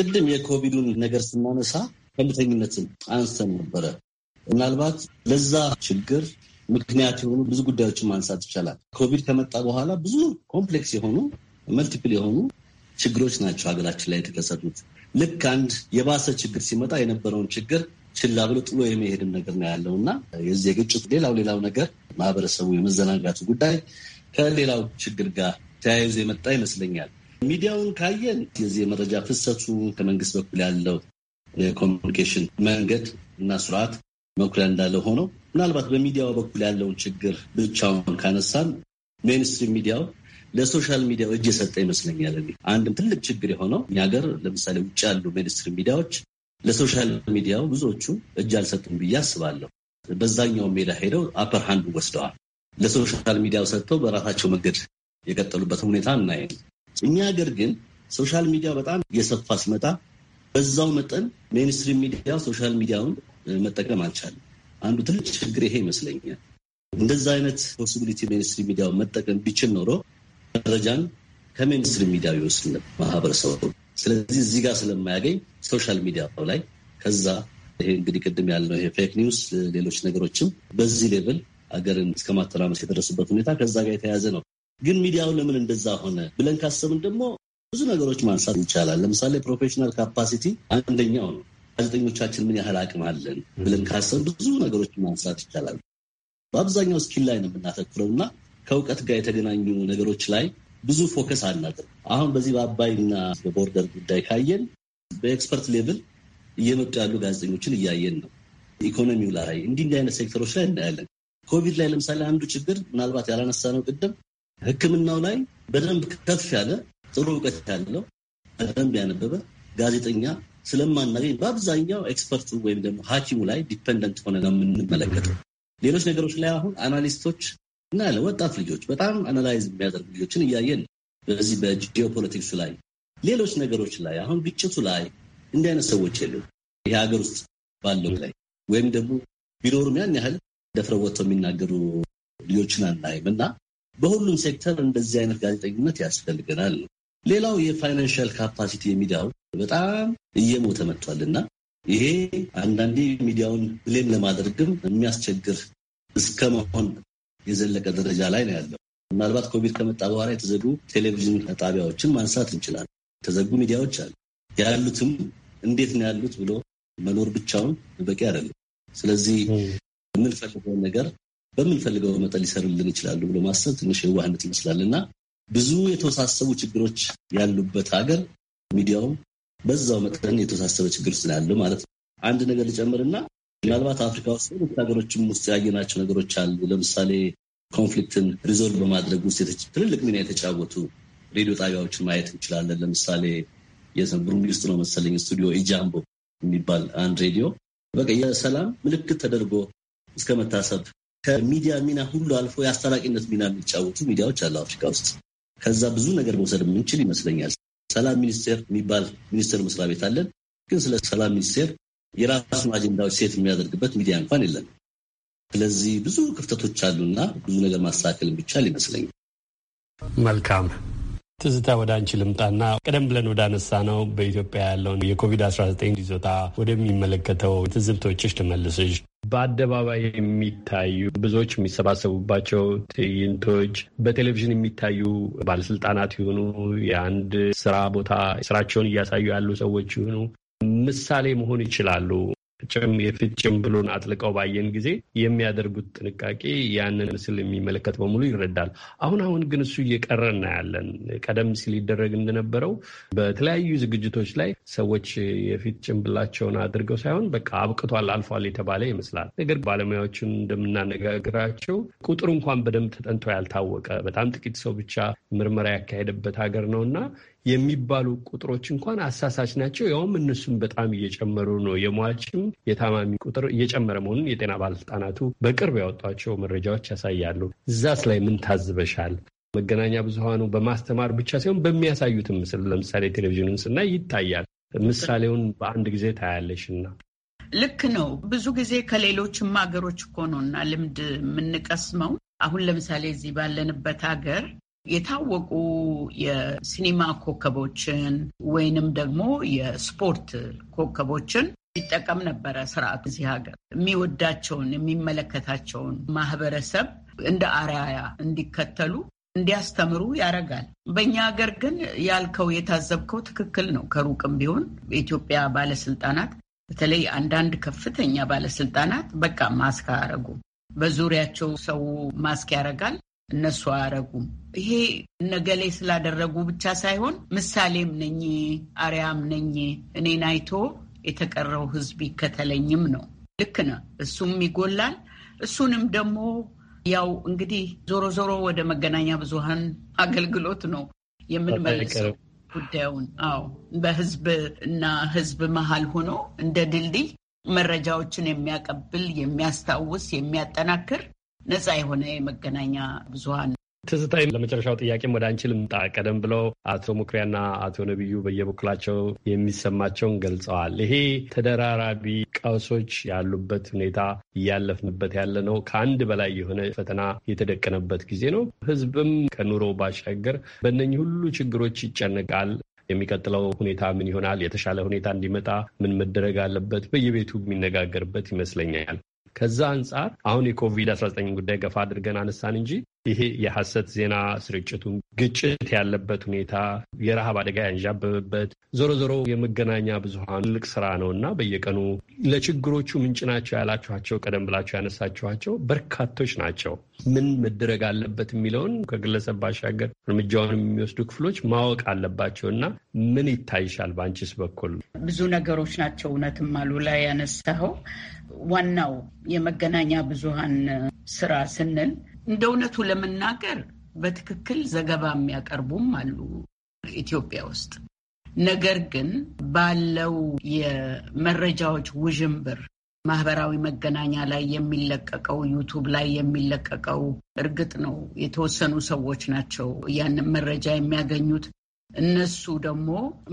ቅድም የኮቪዱን ነገር ስናነሳ ከልተኝነትን አንስተን ነበረ። ምናልባት ለዛ ችግር ምክንያት የሆኑ ብዙ ጉዳዮችን ማንሳት ይቻላል። ኮቪድ ከመጣ በኋላ ብዙ ኮምፕሌክስ የሆኑ መልቲፕል የሆኑ ችግሮች ናቸው ሀገራችን ላይ የተከሰቱት። ልክ አንድ የባሰ ችግር ሲመጣ የነበረውን ችግር ችላ ብሎ ጥሎ የመሄድን ነገር ነው ያለው እና የዚህ የግጭት ሌላው ሌላው ነገር ማህበረሰቡ የመዘናጋቱ ጉዳይ ከሌላው ችግር ጋር ተያይዞ የመጣ ይመስለኛል። ሚዲያውን ካየን የዚህ የመረጃ ፍሰቱ ከመንግስት በኩል ያለው የኮሚኒኬሽን መንገድ እና ስርዓት መኩሪያ እንዳለ ሆኖ ምናልባት በሚዲያው በኩል ያለውን ችግር ብቻውን ካነሳን ሜንስትሪም ሚዲያው ለሶሻል ሚዲያው እጅ የሰጠ ይመስለኛል። አንድም ትልቅ ችግር የሆነው እኛ ሀገር ለምሳሌ ውጭ ያሉ ሜንስትሪም ሚዲያዎች ለሶሻል ሚዲያው ብዙዎቹ እጅ አልሰጡም ብዬ አስባለሁ። በዛኛው ሜዳ ሄደው አፐር ሃንድ ወስደዋል። ለሶሻል ሚዲያው ሰጥተው በራሳቸው መንገድ የቀጠሉበት ሁኔታ እናየ እኛ ሀገር ግን ሶሻል ሚዲያ በጣም እየሰፋ ሲመጣ በዛው መጠን ሜንስትሪም ሚዲያ ሶሻል ሚዲያውን መጠቀም አልቻለም። አንዱ ትልቅ ችግር ይሄ ይመስለኛል። እንደዛ አይነት ፖስቢሊቲ ሜንስትሪም ሚዲያውን መጠቀም ቢችል ኖሮ መረጃን ከሜንስትሪም ሚዲያ ይወስድ ማህበረሰቡ። ስለዚህ እዚህ ጋር ስለማያገኝ ሶሻል ሚዲያ ላይ ከዛ ይሄ እንግዲህ ቅድም ያልነው ይሄ ፌክ ኒውስ፣ ሌሎች ነገሮችም በዚህ ሌቭል አገርን እስከማተራመስ የደረሱበት ሁኔታ ከዛ ጋር የተያያዘ ነው። ግን ሚዲያው ለምን እንደዛ ሆነ ብለን ካሰብን ደግሞ ብዙ ነገሮች ማንሳት ይቻላል። ለምሳሌ ፕሮፌሽናል ካፓሲቲ አንደኛው ነው። ጋዜጠኞቻችን ምን ያህል አቅም አለን ብለን ካሰብ ብዙ ነገሮች ማንሳት ይቻላል። በአብዛኛው ስኪል ላይ ነው የምናተኩረው እና ከእውቀት ጋር የተገናኙ ነገሮች ላይ ብዙ ፎከስ አናቅም። አሁን በዚህ በአባይና በቦርደር ጉዳይ ካየን በኤክስፐርት ሌቭል እየመጡ ያሉ ጋዜጠኞችን እያየን ነው። ኢኮኖሚው ላይ እንዲህ እንዲህ አይነት ሴክተሮች ላይ እናያለን። ኮቪድ ላይ ለምሳሌ አንዱ ችግር ምናልባት ያላነሳ ነው ቅድም ሕክምናው ላይ በደንብ ከፍ ያለ ጥሩ እውቀት ያለው በደንብ ያነበበ ጋዜጠኛ ስለማናገኝ በአብዛኛው ኤክስፐርቱ ወይም ደግሞ ሐኪሙ ላይ ዲፐንደንት ሆነ ነው የምንመለከተው። ሌሎች ነገሮች ላይ አሁን አናሊስቶች እና ያለ ወጣት ልጆች በጣም አናላይዝ የሚያደርጉ ልጆችን እያየን በዚህ በጂኦፖለቲክሱ ላይ ሌሎች ነገሮች ላይ አሁን ግጭቱ ላይ እንዲህ አይነት ሰዎች የሉ። ይሄ ሀገር ውስጥ ባለው ላይ ወይም ደግሞ ቢኖሩም ያን ያህል ደፍረው ወጥተው የሚናገሩ ልጆችን አናይም እና በሁሉም ሴክተር እንደዚህ አይነት ጋዜጠኝነት ያስፈልገናል። ሌላው የፋይናንሻል ካፓሲቲ የሚዲያው በጣም እየሞተ መጥቷል እና ይሄ አንዳንዴ ሚዲያውን ብሌም ለማድረግም የሚያስቸግር እስከ መሆን የዘለቀ ደረጃ ላይ ነው ያለው። ምናልባት ኮቪድ ከመጣ በኋላ የተዘጉ ቴሌቪዥን ጣቢያዎችን ማንሳት እንችላለን። የተዘጉ ሚዲያዎች አሉ። ያሉትም እንዴት ነው ያሉት ብሎ መኖር ብቻውን በቂ አይደለም። ስለዚህ የምንፈልገውን ነገር በምንፈልገው መጠን ሊሰሩልን ይችላሉ ብሎ ማሰብ ትንሽ የዋህነት ይመስላል እና ብዙ የተወሳሰቡ ችግሮች ያሉበት ሀገር ሚዲያውም በዛው መጠን የተወሳሰበ ችግር ስላለ ማለት ነው። አንድ ነገር ልጨምርና ምናልባት አፍሪካ ውስጥ ሁለት ሀገሮችም ውስጥ ያየናቸው ነገሮች አሉ። ለምሳሌ ኮንፍሊክትን ሪዞልቭ በማድረግ ውስጥ ትልልቅ ሚና የተጫወቱ ሬዲዮ ጣቢያዎችን ማየት እንችላለን። ለምሳሌ ብሩንዲ ውስጥ ነው መሰለኝ ስቱዲዮ ኢጃምቦ የሚባል አንድ ሬዲዮ በቃ የሰላም ምልክት ተደርጎ እስከ መታሰብ ከሚዲያ ሚና ሁሉ አልፎ የአስታራቂነት ሚና የሚጫወቱ ሚዲያዎች አሉ አፍሪካ ውስጥ። ከዛ ብዙ ነገር መውሰድ የምንችል ይመስለኛል። ሰላም ሚኒስቴር የሚባል ሚኒስቴር መስሪያ ቤት አለን፣ ግን ስለ ሰላም ሚኒስቴር የራሱን አጀንዳዎች ሴት የሚያደርግበት ሚዲያ እንኳን የለም። ስለዚህ ብዙ ክፍተቶች አሉና ብዙ ነገር ማስተካከል የሚቻል ይመስለኛል። መልካም ትዝታ ወደ አንቺ ልምጣና ቀደም ብለን ወደ አነሳ ነው በኢትዮጵያ ያለውን የኮቪድ-19 ይዞታ ወደሚመለከተው ትዝብቶችሽ ትመልስሽ። በአደባባይ የሚታዩ ብዙዎች የሚሰባሰቡባቸው ትዕይንቶች፣ በቴሌቪዥን የሚታዩ ባለስልጣናት ይሁኑ የአንድ ስራ ቦታ ስራቸውን እያሳዩ ያሉ ሰዎች ይሁኑ ምሳሌ መሆን ይችላሉ። ፍጭም የፍጭም ብሎን አጥልቀው ባየን ጊዜ የሚያደርጉት ጥንቃቄ ያንን ምስል የሚመለከት በሙሉ ይረዳል። አሁን አሁን ግን እሱ እየቀረ እናያለን። ቀደም ሲል ይደረግ እንደነበረው በተለያዩ ዝግጅቶች ላይ ሰዎች የፊት ጭንብላቸውን አድርገው ሳይሆን በቃ አብቅቷል፣ አልፏል የተባለ ይመስላል። ነገር ባለሙያዎችን እንደምናነጋግራቸው ቁጥሩ እንኳን በደንብ ተጠንቶ ያልታወቀ በጣም ጥቂት ሰው ብቻ ምርመራ ያካሄደበት ሀገር ነው እና የሚባሉ ቁጥሮች እንኳን አሳሳች ናቸው። ያውም እነሱም በጣም እየጨመሩ ነው። የሟችም የታማሚ ቁጥር እየጨመረ መሆኑን የጤና ባለስልጣናቱ በቅርብ ያወጧቸው መረጃዎች ያሳያሉ። እዛስ ላይ ምን ታዝበሻል? መገናኛ ብዙሃኑ በማስተማር ብቻ ሳይሆን በሚያሳዩትም ምስል ለምሳሌ ቴሌቪዥኑን ስናይ ይታያል። ምሳሌውን በአንድ ጊዜ ታያለሽ እና ልክ ነው። ብዙ ጊዜ ከሌሎችም ሀገሮች እኮ ነው እና ልምድ የምንቀስመው አሁን ለምሳሌ እዚህ ባለንበት ሀገር የታወቁ የሲኒማ ኮከቦችን ወይንም ደግሞ የስፖርት ኮከቦችን ይጠቀም ነበረ ስርዓቱ። እዚህ ሀገር የሚወዳቸውን የሚመለከታቸውን ማህበረሰብ እንደ አርአያ እንዲከተሉ እንዲያስተምሩ ያደርጋል። በእኛ ሀገር ግን ያልከው የታዘብከው ትክክል ነው። ከሩቅም ቢሆን የኢትዮጵያ ባለስልጣናት በተለይ አንዳንድ ከፍተኛ ባለስልጣናት በቃ ማስክ አያረጉም። በዙሪያቸው ሰው ማስክ ያደርጋል። እነሱ አያረጉም። ይሄ ነገሌ ስላደረጉ ብቻ ሳይሆን ምሳሌም ነኝ፣ አርያም ነኝ፣ እኔን አይቶ የተቀረው ህዝብ ይከተለኝም ነው። ልክ ነው። እሱም ይጎላል። እሱንም ደግሞ ያው እንግዲህ ዞሮ ዞሮ ወደ መገናኛ ብዙሃን አገልግሎት ነው የምንመልሰው ጉዳዩን። አዎ በህዝብ እና ህዝብ መሀል ሆኖ እንደ ድልድይ መረጃዎችን የሚያቀብል የሚያስታውስ፣ የሚያጠናክር ነፃ የሆነ የመገናኛ ብዙሀን ትዝታይ ለመጨረሻው ጥያቄም ወደ አንቺ ልምጣ። ቀደም ብለው አቶ ሙክሪያና አቶ ነቢዩ በየበኩላቸው የሚሰማቸውን ገልጸዋል። ይሄ ተደራራቢ ቀውሶች ያሉበት ሁኔታ እያለፍንበት ያለ ነው። ከአንድ በላይ የሆነ ፈተና የተደቀነበት ጊዜ ነው። ህዝብም ከኑሮ ባሻገር በእነኚህ ሁሉ ችግሮች ይጨነቃል። የሚቀጥለው ሁኔታ ምን ይሆናል? የተሻለ ሁኔታ እንዲመጣ ምን መደረግ አለበት? በየቤቱ የሚነጋገርበት ይመስለኛል። ከዛ አንጻር አሁን የኮቪድ-19 ጉዳይ ገፋ አድርገን አነሳን እንጂ ይሄ የሐሰት ዜና ስርጭቱን ግጭት ያለበት ሁኔታ፣ የረሃብ አደጋ ያንዣበበበት ዞሮ ዞሮ የመገናኛ ብዙሀን ትልቅ ስራ ነው እና በየቀኑ ለችግሮቹ ምንጭ ናቸው ያላችኋቸው ቀደም ብላችሁ ያነሳችኋቸው በርካቶች ናቸው። ምን መደረግ አለበት የሚለውን ከግለሰብ ባሻገር እርምጃውን የሚወስዱ ክፍሎች ማወቅ አለባቸው እና ምን ይታይሻል በአንቺስ በኩል? ብዙ ነገሮች ናቸው እውነትም አሉ ላይ ያነሳኸው ዋናው የመገናኛ ብዙሀን ስራ ስንል እንደ እውነቱ ለመናገር በትክክል ዘገባ የሚያቀርቡም አሉ ኢትዮጵያ ውስጥ። ነገር ግን ባለው የመረጃዎች ውዥንብር ማህበራዊ መገናኛ ላይ የሚለቀቀው ዩቱብ ላይ የሚለቀቀው እርግጥ ነው የተወሰኑ ሰዎች ናቸው ያንን መረጃ የሚያገኙት። እነሱ ደግሞ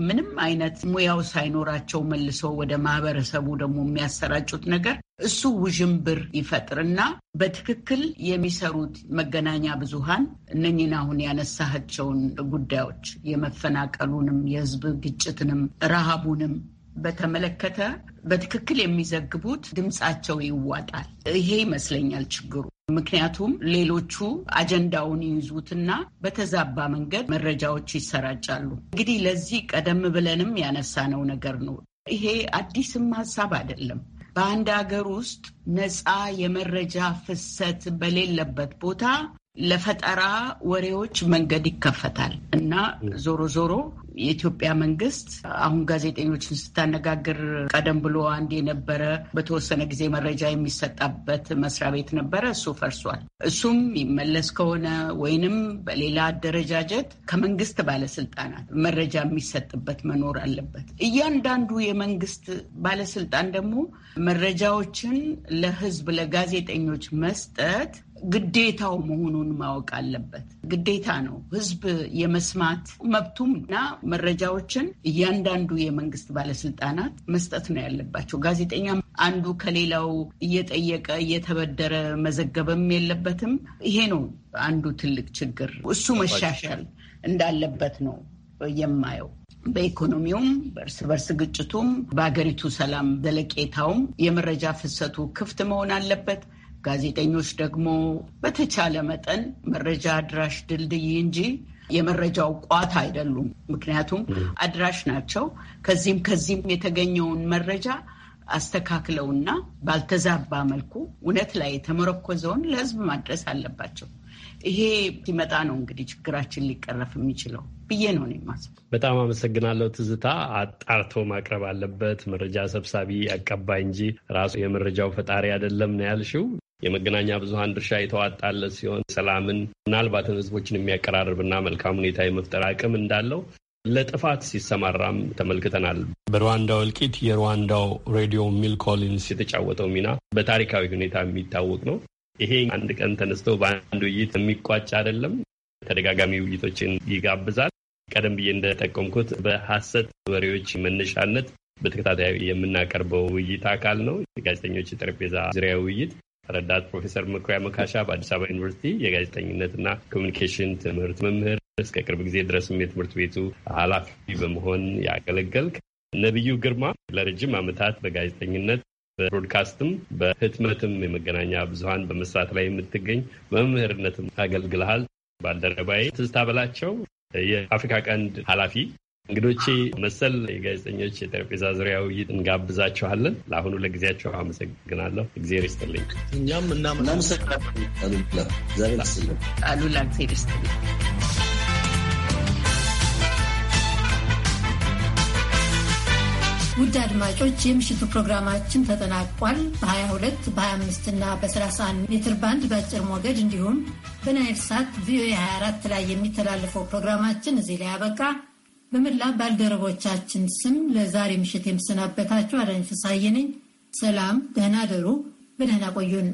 ምንም አይነት ሙያው ሳይኖራቸው መልሰው ወደ ማህበረሰቡ ደግሞ የሚያሰራጩት ነገር እሱ ውዥንብር ይፈጥርና በትክክል የሚሰሩት መገናኛ ብዙሃን እነኝን አሁን ያነሳቸውን ጉዳዮች የመፈናቀሉንም፣ የህዝብ ግጭትንም፣ ረሃቡንም በተመለከተ በትክክል የሚዘግቡት ድምፃቸው ይዋጣል። ይሄ ይመስለኛል ችግሩ። ምክንያቱም ሌሎቹ አጀንዳውን ይይዙትና በተዛባ መንገድ መረጃዎች ይሰራጫሉ። እንግዲህ ለዚህ ቀደም ብለንም ያነሳነው ነገር ነው። ይሄ አዲስም ሀሳብ አይደለም። በአንድ ሀገር ውስጥ ነፃ የመረጃ ፍሰት በሌለበት ቦታ ለፈጠራ ወሬዎች መንገድ ይከፈታል እና ዞሮ ዞሮ የኢትዮጵያ መንግስት አሁን ጋዜጠኞችን ስታነጋግር ቀደም ብሎ አንድ የነበረ በተወሰነ ጊዜ መረጃ የሚሰጣበት መስሪያ ቤት ነበረ። እሱ ፈርሷል። እሱም ይመለስ ከሆነ ወይንም በሌላ አደረጃጀት ከመንግስት ባለስልጣናት መረጃ የሚሰጥበት መኖር አለበት። እያንዳንዱ የመንግስት ባለስልጣን ደግሞ መረጃዎችን ለህዝብ ለጋዜጠኞች መስጠት ግዴታው መሆኑን ማወቅ አለበት። ግዴታ ነው ህዝብ የመስማት መብቱም እና መረጃዎችን እያንዳንዱ የመንግስት ባለስልጣናት መስጠት ነው ያለባቸው። ጋዜጠኛ አንዱ ከሌላው እየጠየቀ እየተበደረ መዘገበም የለበትም። ይሄ ነው አንዱ ትልቅ ችግር። እሱ መሻሻል እንዳለበት ነው የማየው። በኢኮኖሚውም በእርስ በርስ ግጭቱም በሀገሪቱ ሰላም ዘለቄታውም የመረጃ ፍሰቱ ክፍት መሆን አለበት። ጋዜጠኞች ደግሞ በተቻለ መጠን መረጃ አድራሽ ድልድይ እንጂ የመረጃው ቋት አይደሉም። ምክንያቱም አድራሽ ናቸው። ከዚህም ከዚህም የተገኘውን መረጃ አስተካክለውና ባልተዛባ መልኩ እውነት ላይ የተመረኮዘውን ለሕዝብ ማድረስ አለባቸው። ይሄ ሲመጣ ነው እንግዲህ ችግራችን ሊቀረፍ የሚችለው ብዬ ነው የማስበው። በጣም አመሰግናለሁ ትዝታ። አጣርቶ ማቅረብ አለበት መረጃ ሰብሳቢ አቀባይ እንጂ ራሱ የመረጃው ፈጣሪ አይደለም ነው ያልሽው። የመገናኛ ብዙሀን ድርሻ የተዋጣለት ሲሆን ሰላምን ምናልባትም ህዝቦችን የሚያቀራርብና መልካም ሁኔታ የመፍጠር አቅም እንዳለው ለጥፋት ሲሰማራም ተመልክተናል። በሩዋንዳ እልቂት የሩዋንዳው ሬዲዮ ሚል ኮሊንስ የተጫወተው ሚና በታሪካዊ ሁኔታ የሚታወቅ ነው። ይሄ አንድ ቀን ተነስቶ በአንድ ውይይት የሚቋጭ አይደለም። ተደጋጋሚ ውይይቶችን ይጋብዛል። ቀደም ብዬ እንደጠቀምኩት በሐሰት ወሬዎች መነሻነት በተከታታይ የምናቀርበው ውይይት አካል ነው። የጋዜጠኞች የጠረጴዛ ዙሪያ ውይይት ረዳት ፕሮፌሰር መኩሪያ መካሻ በአዲስ አበባ ዩኒቨርሲቲ የጋዜጠኝነትና ኮሚኒኬሽን ትምህርት መምህር፣ እስከ ቅርብ ጊዜ ድረስም የትምህርት ቤቱ ኃላፊ በመሆን ያገለገልክ፣ ነቢዩ ግርማ ለረጅም ዓመታት በጋዜጠኝነት በብሮድካስትም በህትመትም የመገናኛ ብዙሀን በመስራት ላይ የምትገኝ መምህርነትም አገልግልሃል። ባልደረባዬ ትዝታ በላቸው የአፍሪካ ቀንድ ኃላፊ እንግዶቼ መሰል የጋዜጠኞች የጠረጴዛ ዙሪያ ውይይት እንጋብዛችኋለን። ለአሁኑ ለጊዜያቸው አመሰግናለሁ። እግዜር ይስጥልኝ። እኛም እናመሰግናለን ውድ አድማጮች የምሽቱ ፕሮግራማችን ተጠናቋል። በ22 በ25 እና በ31 ሜትር ባንድ በአጭር ሞገድ እንዲሁም በናይል ሳት ቪኦኤ 24 ላይ የሚተላለፈው ፕሮግራማችን እዚህ ላይ አበቃ። በመላ ባልደረቦቻችን ስም ለዛሬ ምሽት የምሰናበታችሁ አዳኝ ነኝ። ሰላም፣ ደህና ደሩ። በደህና ቆዩን።